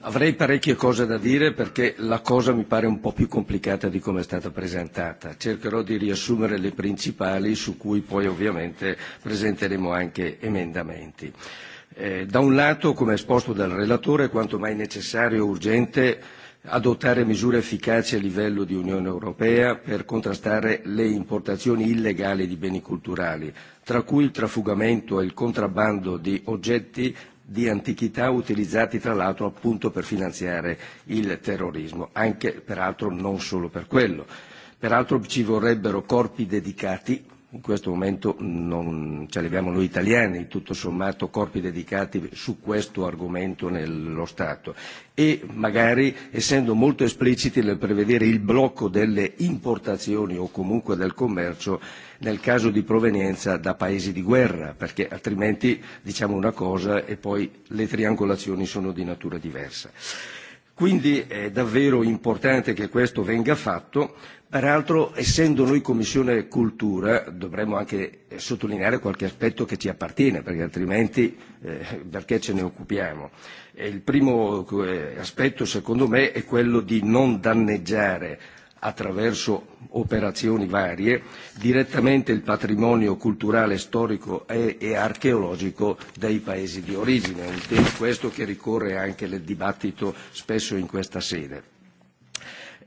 avrei parecchie cose da dire perché la cosa mi pare un po' più complicata di come è stata presentata. Cercherò di riassumere le principali su cui poi ovviamente presenteremo anche emendamenti. Eh, da un lato, come esposto dal relatore, è quanto mai necessario e urgente adottare misure efficaci a livello di Unione Europea per contrastare le importazioni illegali di beni culturali, tra cui il trafugamento e il contrabbando di oggetti di antichità utilizzati tra l'altro appunto per finanziare il terrorismo, anche peraltro non solo per quello. Peraltro ci vorrebbero corpi dedicati in questo momento non ce li abbiamo noi italiani, tutto sommato corpi dedicati su questo argomento nello Stato e magari essendo molto espliciti nel prevedere il blocco delle importazioni o comunque del commercio nel caso di provenienza da paesi di guerra, perché altrimenti diciamo una cosa e poi le triangolazioni sono di natura diversa. Quindi è davvero importante che questo venga fatto, peraltro essendo noi Commissione Cultura dovremmo anche eh, sottolineare qualche aspetto che ci appartiene, perché altrimenti eh, perché ce ne occupiamo. E il primo eh, aspetto secondo me è quello di non danneggiare attraverso operazioni varie, direttamente il patrimonio culturale, storico e, e archeologico dei paesi di origine, un tema questo che ricorre anche nel dibattito spesso in questa sede.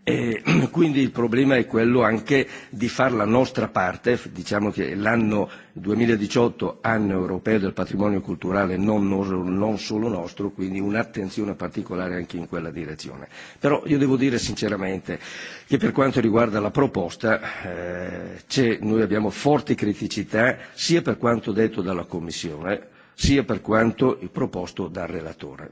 E quindi il problema è quello anche di fare la nostra parte, diciamo che l'anno 2018, anno europeo del patrimonio culturale non, non solo nostro, quindi un'attenzione particolare anche in quella direzione. Però io devo dire sinceramente che per quanto riguarda la proposta eh, noi abbiamo forti criticità sia per quanto detto dalla Commissione sia per quanto proposto dal relatore.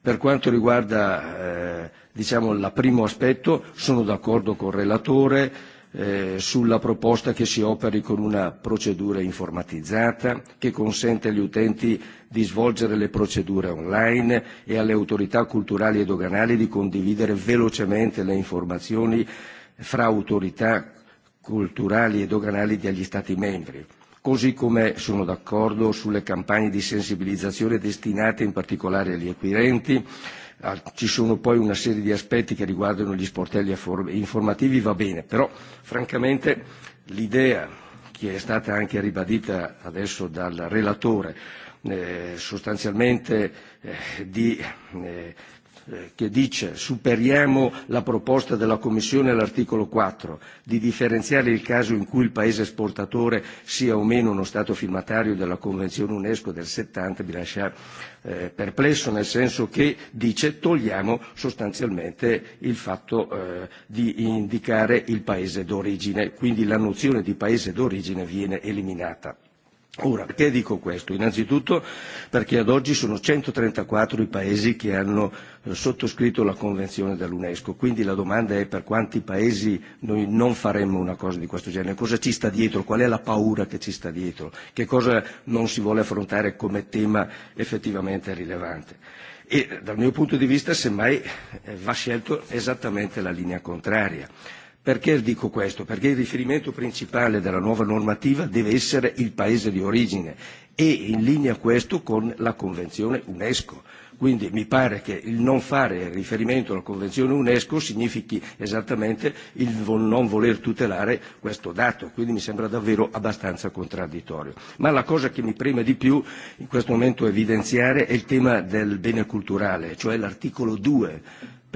Per quanto riguarda eh, diciamo, il primo aspetto, sono d'accordo con il relatore eh, sulla proposta che si operi con una procedura informatizzata che consente agli utenti di svolgere le procedure online e alle autorità culturali e doganali di condividere velocemente le informazioni fra autorità culturali e doganali degli Stati membri. Così come sono d'accordo sulle campagne di sensibilizzazione destinate in particolare agli acquirenti, Ah, ci sono poi una serie di aspetti che riguardano gli sportelli informativi, va bene, però francamente l'idea che è stata anche ribadita adesso dal relatore eh, sostanzialmente eh, di, eh, eh, che dice superiamo la proposta della Commissione all'articolo 4 di differenziare il caso in cui il Paese esportatore sia o meno uno Stato firmatario della Convenzione UNESCO del 70 mi lascia eh, perplesso nel senso che dice togliamo sostanzialmente il fatto eh, di indicare il Paese d'origine, quindi la nozione di Paese d'origine viene eliminata. Ora, perché dico questo? Innanzitutto perché ad oggi sono 134 i paesi che hanno eh, sottoscritto la Convenzione dell'UNESCO, quindi la domanda è per quanti paesi noi non faremmo una cosa di questo genere, cosa ci sta dietro, qual è la paura che ci sta dietro, che cosa non si vuole affrontare come tema effettivamente rilevante. E dal mio punto di vista semmai eh, va scelto esattamente la linea contraria Perché dico questo? Perché il riferimento principale della nuova normativa deve essere il paese di origine e in linea questo con la Convenzione UNESCO. Quindi mi pare che il non fare riferimento alla Convenzione UNESCO significhi esattamente il non voler tutelare questo dato, quindi mi sembra davvero abbastanza contraddittorio. Ma la cosa che mi preme di più in questo momento evidenziare è il tema del bene culturale, cioè l'articolo 2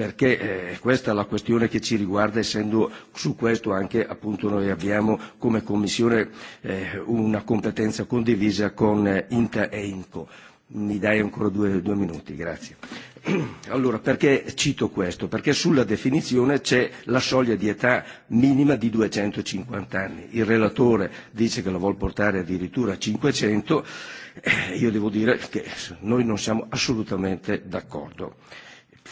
perché eh, questa è la questione che ci riguarda essendo su questo anche appunto noi abbiamo come Commissione eh, una competenza condivisa con eh, INTA e INCO. Mi dai ancora due, due minuti, grazie. Allora, perché cito questo? Perché sulla definizione c'è la soglia di età minima di 250 anni. Il relatore dice che la vuol portare addirittura a 500, eh, io devo dire che noi non siamo assolutamente d'accordo.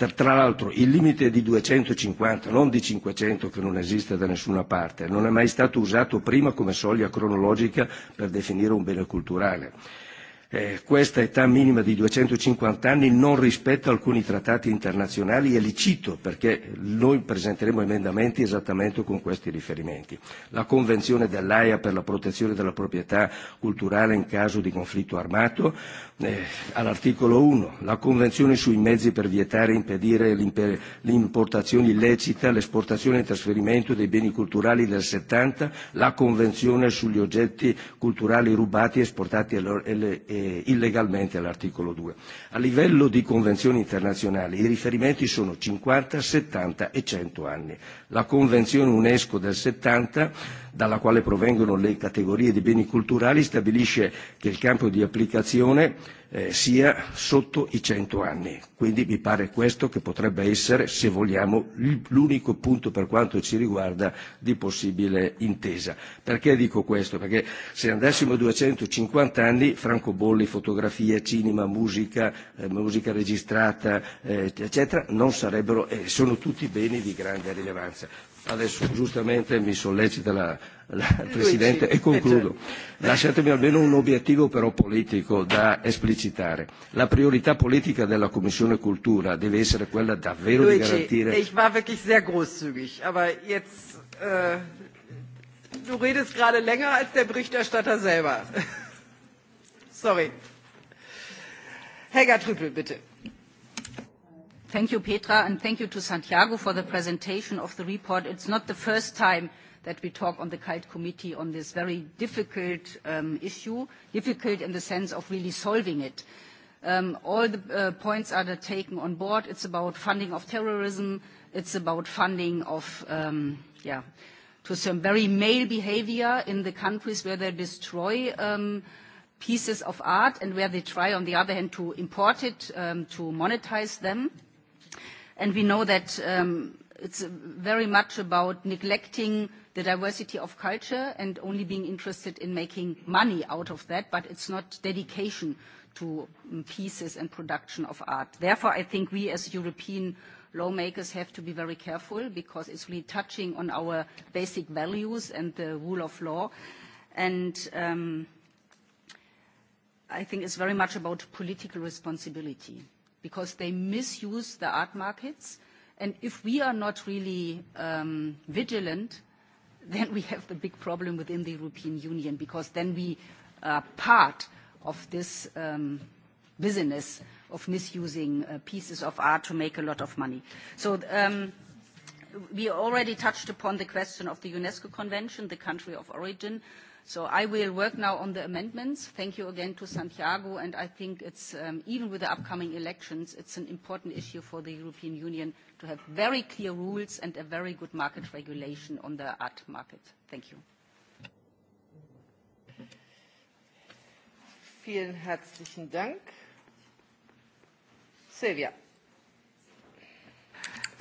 Tra l'altro il limite di 250, non di 500 che non esiste da nessuna parte, non è mai stato usato prima come soglia cronologica per definire un bene culturale. Eh, questa età minima di 250 anni non rispetta alcuni trattati internazionali e li cito perché noi presenteremo emendamenti esattamente con questi riferimenti. La Convenzione dell'AIA per la protezione della proprietà culturale in caso di conflitto armato, eh, all'articolo 1, la Convenzione sui mezzi per vietare e impedire l'importazione illecita, l'esportazione e il trasferimento dei beni culturali del 70, la Convenzione sugli oggetti culturali rubati e esportati eh, illegalmente all'articolo 2. A livello di convenzioni internazionali i riferimenti sono 50, 70 e 100 anni. La Convenzione UNESCO del 70 dalla quale provengono le categorie di beni culturali, stabilisce che il campo di applicazione eh, sia sotto i 100 anni. Quindi mi pare questo che potrebbe essere, se vogliamo, l'unico punto per quanto ci riguarda di possibile intesa. Perché dico questo? Perché se andassimo a 250 anni, francobolli, fotografia, cinema, musica, eh, musica registrata, eh, eccetera, non sarebbero, eh, sono tutti beni di grande rilevanza adesso giustamente mi sollecita la, la Presidente e concludo. Eh, Lasciatemi almeno un obiettivo però politico da esplicitare. La priorità politica della Commissione Cultura deve essere quella davvero Luigi, di garantire... ich war wirklich sehr großzügig, aber jetzt... Äh, du redest gerade länger als der Berichterstatter selber. Sorry. Helga Trüppel, bitte. Thank you, Petra, and thank you to Santiago for the presentation of the report. It's not the first time that we talk on the CALT committee on this very difficult um, issue, difficult in the sense of really solving it. Um, all the uh, points are taken on board. It's about funding of terrorism. It's about funding of, um, yeah, to some very male behavior in the countries where they destroy um, pieces of art and where they try, on the other hand, to import it, um, to monetize them. And we know that um, it's very much about neglecting the diversity of culture and only being interested in making money out of that, but it's not dedication to um, pieces and production of art. Therefore, I think we as European lawmakers have to be very careful because it's really touching on our basic values and the rule of law. And um, I think it's very much about political responsibility because they misuse the art markets. And if we are not really um, vigilant, then we have the big problem within the European Union because then we are part of this um, business of misusing uh, pieces of art to make a lot of money. So um, we already touched upon the question of the UNESCO Convention, the country of origin. Uh, So I will work now on the amendments. Thank you again to Santiago, and I think it's, um, even with the upcoming elections, it's an important issue for the European Union to have very clear rules and a very good market regulation on the art market. Thank you. Vielen herzlichen Dank. Silvia.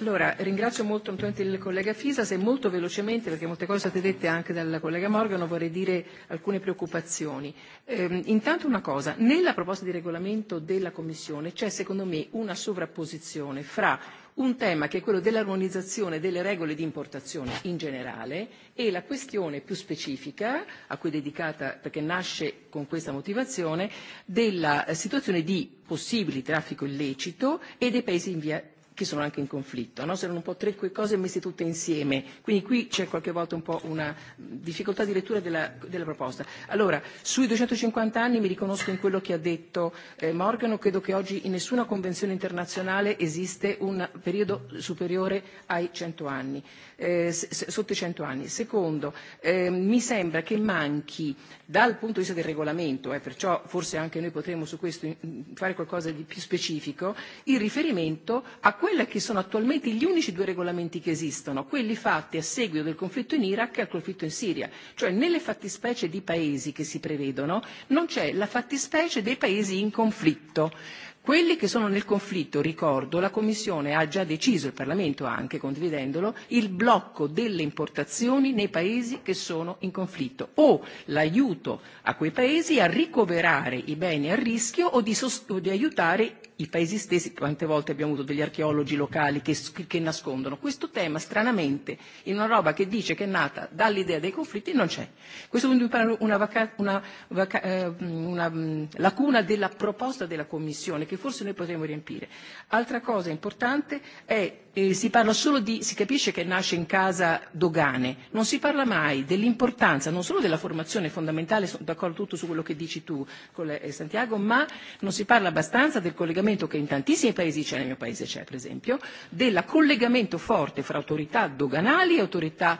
Allora, ringrazio molto il collega Fisas e molto velocemente, perché molte cose state dette anche dal collega Morgano, vorrei dire alcune preoccupazioni. Eh, intanto una cosa, nella proposta di regolamento della Commissione c'è secondo me una sovrapposizione fra un tema che è quello dell'armonizzazione delle regole di importazione in generale e la questione più specifica, a cui è dedicata, perché nasce con questa motivazione, della eh, situazione di possibili traffico illecito e dei paesi in via che sono anche in conflitto, no? sono un po' tre cose messe tutte insieme, quindi qui c'è qualche volta un po' una difficoltà di lettura della, della proposta. Allora, sui 250 anni mi riconosco in quello che ha detto eh, Morgan, credo che oggi in nessuna convenzione internazionale esiste un periodo superiore ai 100 anni, eh, sotto i 100 anni. Secondo, eh, mi sembra che manchi dal punto di vista del regolamento, eh, perciò forse anche noi potremo su questo fare qualcosa di più specifico, il riferimento a quelli che sono attualmente gli unici due regolamenti che esistono, quelli fatti a seguito del conflitto in Iraq e al conflitto in Siria. Cioè nelle fattispecie di paesi che si prevedono non c'è la fattispecie dei paesi in conflitto. Quelli che sono nel conflitto, ricordo, la Commissione ha già deciso, il Parlamento anche condividendolo, il blocco delle importazioni nei paesi che sono in conflitto o l'aiuto a quei paesi a ricoverare i beni a rischio o di, sost- o di aiutare i paesi stessi. Quante volte abbiamo avuto degli archeologi mitologi locali che, che nascondono. Questo tema, stranamente, in una roba che dice che è nata dall'idea dei conflitti, non c'è. Questo quindi mi pare una, vaca, una, vaca, eh, una mh, mm, lacuna della proposta della Commissione che forse noi potremmo riempire. Altra cosa importante è Eh, si parla solo di, si capisce che nasce in casa dogane, non si parla mai dell'importanza non solo della formazione fondamentale, sono d'accordo tutto su quello che dici tu eh, Santiago, ma non si parla abbastanza del collegamento che in tantissimi paesi c'è, nel mio paese c'è per esempio, del collegamento forte fra autorità doganali e autorità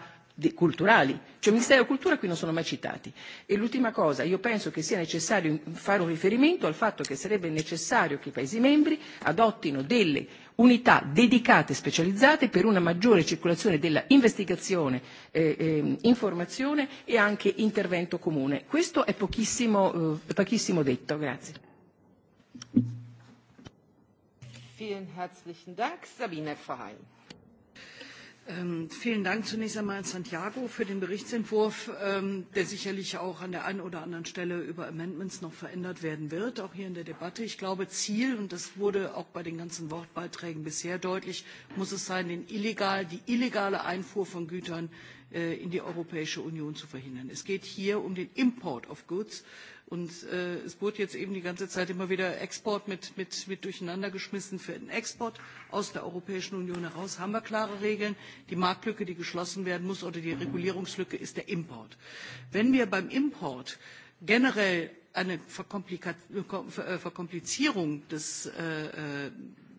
culturali, cioè Ministero della Cultura qui non sono mai citati. E l'ultima cosa, io penso che sia necessario fare un riferimento al fatto che sarebbe necessario che i Paesi membri adottino delle unità dedicate e specializzate per una maggiore circolazione della investigazione, eh, eh, informazione e anche intervento comune. Questo è pochissimo, eh, pochissimo detto. Grazie. Vielen herzlichen Dank, Sabine Verheyen. Ähm, vielen Dank zunächst einmal an Santiago für den Berichtsentwurf, ähm, der sicherlich auch an der einen oder anderen Stelle über Amendments noch verändert werden wird, auch hier in der Debatte. Ich glaube, Ziel, und das wurde auch bei den ganzen Wortbeiträgen bisher deutlich, muss es sein, den illegal, die illegale Einfuhr von Gütern äh, in die Europäische Union zu verhindern. Es geht hier um den Import of Goods Und äh, es wurde jetzt eben die ganze Zeit immer wieder Export mit, mit, mit durcheinander geschmissen. Für den Export aus der Europäischen Union heraus haben wir klare Regeln. Die Marktlücke, die geschlossen werden muss, oder die Regulierungslücke ist der Import. Wenn wir beim Import generell eine Verkomplika Verkomplizierung des äh, äh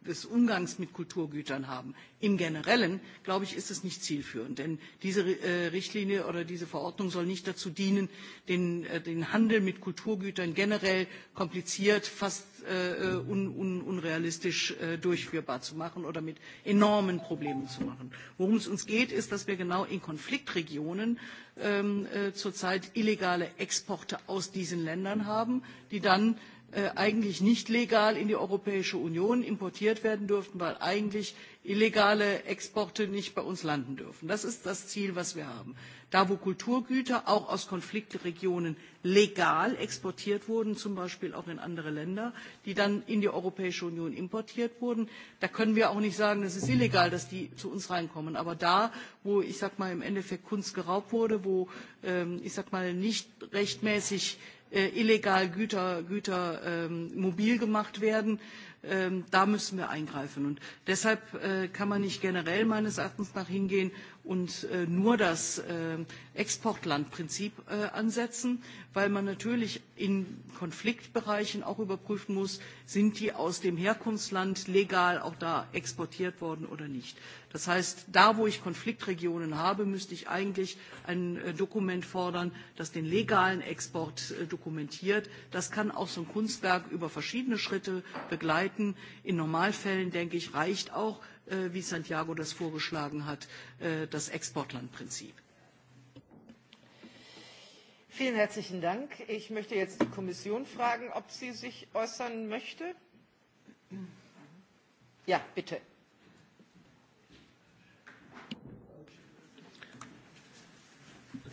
des Umgangs mit Kulturgütern haben. Im Generellen, glaube ich, ist es nicht zielführend, denn diese äh, Richtlinie oder diese Verordnung soll nicht dazu dienen, den, äh, den Handel mit Kulturgütern generell kompliziert, fast äh, un, un, unrealistisch durchführbar zu machen oder mit enormen Problemen zu machen. Worum es uns geht, ist, dass wir genau in Konfliktregionen ähm, zurzeit illegale Exporte aus diesen Ländern haben, die dann Äh, eigentlich nicht legal in die Europäische Union importiert werden dürften, weil eigentlich illegale Exporte nicht bei uns landen dürfen. Das ist das Ziel, das wir haben. Da, wo Kulturgüter auch aus Konfliktregionen legal exportiert wurden, zum Beispiel auch in andere Länder, die dann in die Europäische Union importiert wurden, da können wir auch nicht sagen, es ist illegal, dass die zu uns reinkommen. Aber da, wo ich sag mal im Endeffekt Kunst geraubt wurde, wo ähm, ich sag mal nicht rechtmäßig Äh, illegal Güter, Güter ähm, mobil gemacht werden. Ähm, da müssen wir eingreifen. Und deshalb äh, kann man nicht generell meines Erachtens nach hingehen und äh, nur das äh, Exportlandprinzip äh, ansetzen, weil man natürlich in Konfliktbereichen auch überprüfen muss, sind die aus dem Herkunftsland legal auch da exportiert worden oder nicht. Das heißt, da wo ich Konfliktregionen habe, müsste ich eigentlich ein äh, Dokument fordern, das den legalen Export äh, dokumentiert. Das kann auch so ein Kunstwerk über verschiedene Schritte begleiten. In Normalfällen, denke ich, reicht auch, Äh, wie Santiago das vorgeschlagen hat, äh, das Exportlandprinzip. Vielen herzlichen Dank. Ich möchte jetzt die Kommission fragen, ob sie sich äußern möchte. Ja, bitte.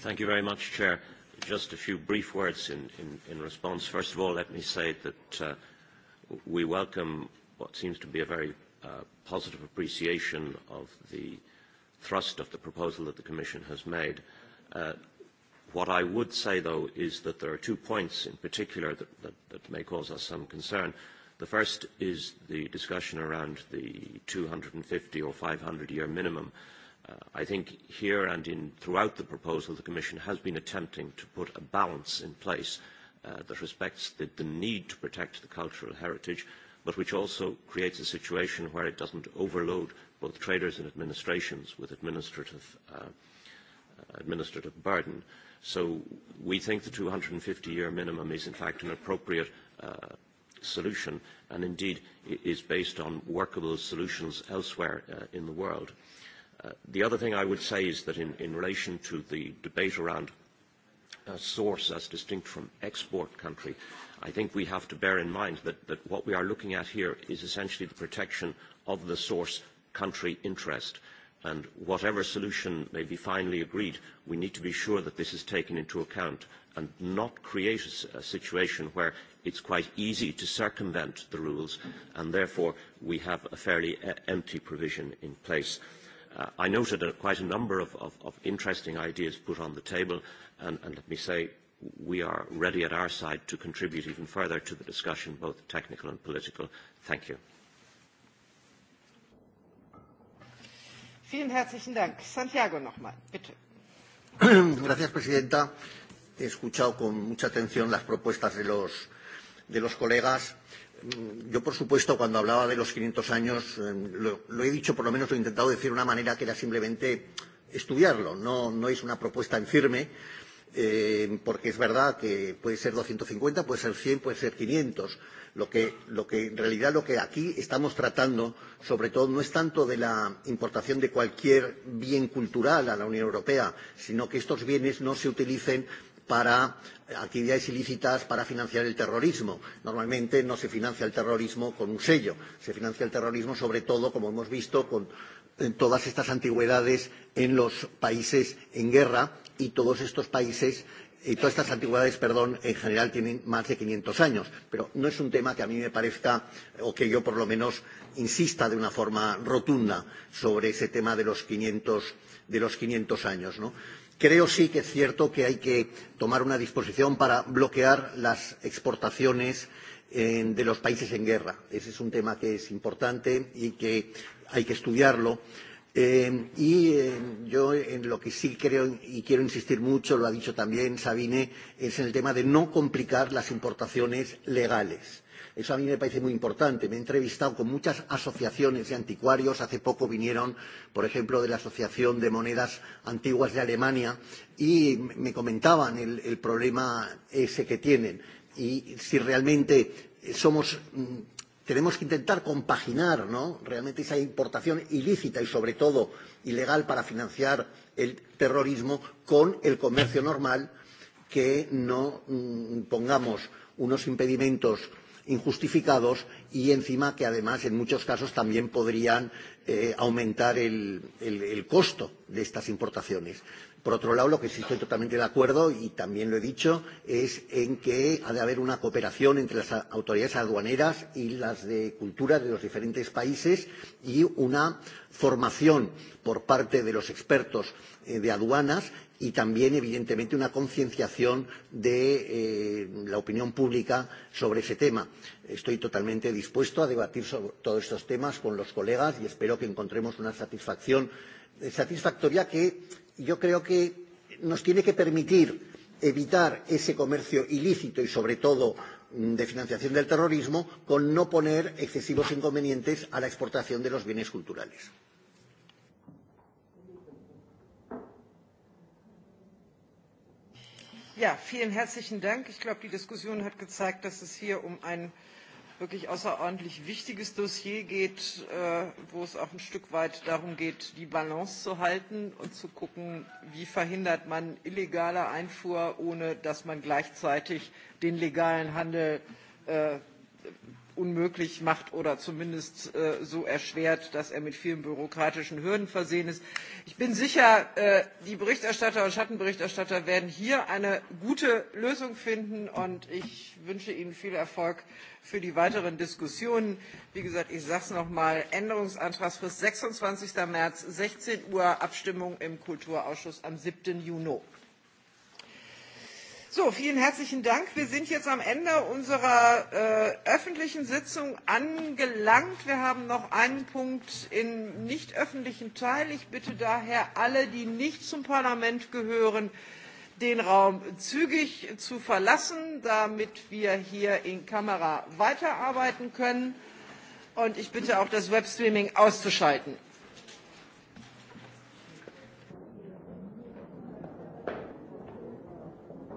Thank you very much, Chair. Just a few brief words in, in, in response. First of all, let me say that uh, we welcome what seems to be a very uh, positive appreciation of the thrust of the proposal that the Commission has made. Uh, what I would say, though, is that there are two points in particular that, that, that may cause us some concern. The first is the discussion around the 250 or 500 year minimum. Uh, I think here and in, throughout the proposal, the Commission has been attempting to put a balance in place uh, that respects the, the need to protect the cultural heritage but which also creates a situation where it doesn't overload both traders and administrations with administrative, uh, uh administrative burden. So we think the 250-year minimum is in fact an appropriate uh, solution and indeed is based on workable solutions elsewhere uh, in the world. Uh, the other thing I would say is that in, in relation to the debate around uh, source as distinct from export country, I think we have to bear in mind that, that what we are looking at here is essentially the protection of the source country interest. And whatever solution may be finally agreed, we need to be sure that this is taken into account and not create a, a situation where it's quite easy to circumvent the rules and therefore we have a fairly e empty provision in place. Uh, I noted a, quite a number of, of, of interesting ideas put on the table and, and let me say we are ready at our side to contribute even further to the discussion, both technical and political. Thank you. Vielen herzlichen Dank. Santiago nochmal, bitte. Gracias, Presidenta. He escuchado con mucha atención las propuestas de los, de los colegas. Mm, yo, por supuesto, cuando hablaba de los 500 años, lo, lo he dicho, por lo menos lo he intentado decir de una manera que era simplemente estudiarlo. No, no es una propuesta en firme eh, porque es verdad que puede ser 250, puede ser 100, puede ser 500. Lo que, lo que en realidad lo que aquí estamos tratando, sobre todo, no es tanto de la importación de cualquier bien cultural a la Unión Europea, sino que estos bienes no se utilicen para actividades ilícitas para financiar el terrorismo. Normalmente no se financia el terrorismo con un sello, se financia el terrorismo sobre todo, como hemos visto, con todas estas antigüedades en los países en guerra y todos estos países y todas estas antigüedades, perdón, en general tienen más de 500 años, pero no es un tema que a mí me parezca, o que yo por lo menos insista de una forma rotunda sobre ese tema de los 500, de los 500 años. ¿no? Creo sí que es cierto que hay que tomar una disposición para bloquear las exportaciones en, eh, de los países en guerra. Ese es un tema que es importante y que hay que estudiarlo Eh, y eh, yo en lo que sí creo y quiero insistir mucho, lo ha dicho también Sabine, es en el tema de no complicar las importaciones legales. Eso a mí me parece muy importante. Me he entrevistado con muchas asociaciones de anticuarios. Hace poco vinieron, por ejemplo, de la Asociación de Monedas Antiguas de Alemania y me comentaban el, el problema ese que tienen. Y si realmente somos mm, tenemos que intentar compaginar ¿no? realmente esa importación ilícita y sobre todo ilegal para financiar el terrorismo con el comercio normal, que no mm, pongamos unos impedimentos injustificados y encima que además en muchos casos también podrían eh, aumentar el, el, el costo de estas importaciones. Por otro lado, lo que sí estoy totalmente de acuerdo, y también lo he dicho, es en que ha de haber una cooperación entre las autoridades aduaneras y las de cultura de los diferentes países y una formación por parte de los expertos eh, de aduanas y también, evidentemente, una concienciación de eh, la opinión pública sobre ese tema. Estoy totalmente dispuesto a debatir sobre todos estos temas con los colegas y espero que encontremos una satisfacción eh, satisfactoria que yo creo que nos tiene que permitir evitar ese comercio ilícito y, sobre todo, mm, de financiación del terrorismo con no poner excesivos inconvenientes a la exportación de los bienes culturales. Ja, vielen herzlichen Dank. Ich glaube, die Diskussion hat gezeigt, dass es hier um ein wirklich außerordentlich wichtiges Dossier geht, äh, wo es auch ein Stück weit darum geht, die Balance zu halten und zu gucken, wie verhindert man illegale Einfuhr, ohne dass man gleichzeitig den legalen Handel äh, unmöglich macht oder zumindest äh, so erschwert, dass er mit vielen bürokratischen Hürden versehen ist. Ich bin sicher, äh, die Berichterstatter und Schattenberichterstatter werden hier eine gute Lösung finden und ich wünsche Ihnen viel Erfolg für die weiteren Diskussionen. Wie gesagt, ich sage es nochmal, Änderungsantragsfrist 26. März, 16 Uhr, Abstimmung im Kulturausschuss am 7. Juni. So, vielen herzlichen Dank. Wir sind jetzt am Ende unserer äh, öffentlichen Sitzung angelangt. Wir haben noch einen Punkt im nicht öffentlichen Teil. Ich bitte daher alle, die nicht zum Parlament gehören, den Raum zügig zu verlassen, damit wir hier in Kamera weiterarbeiten können. Und ich bitte auch, das Webstreaming auszuschalten.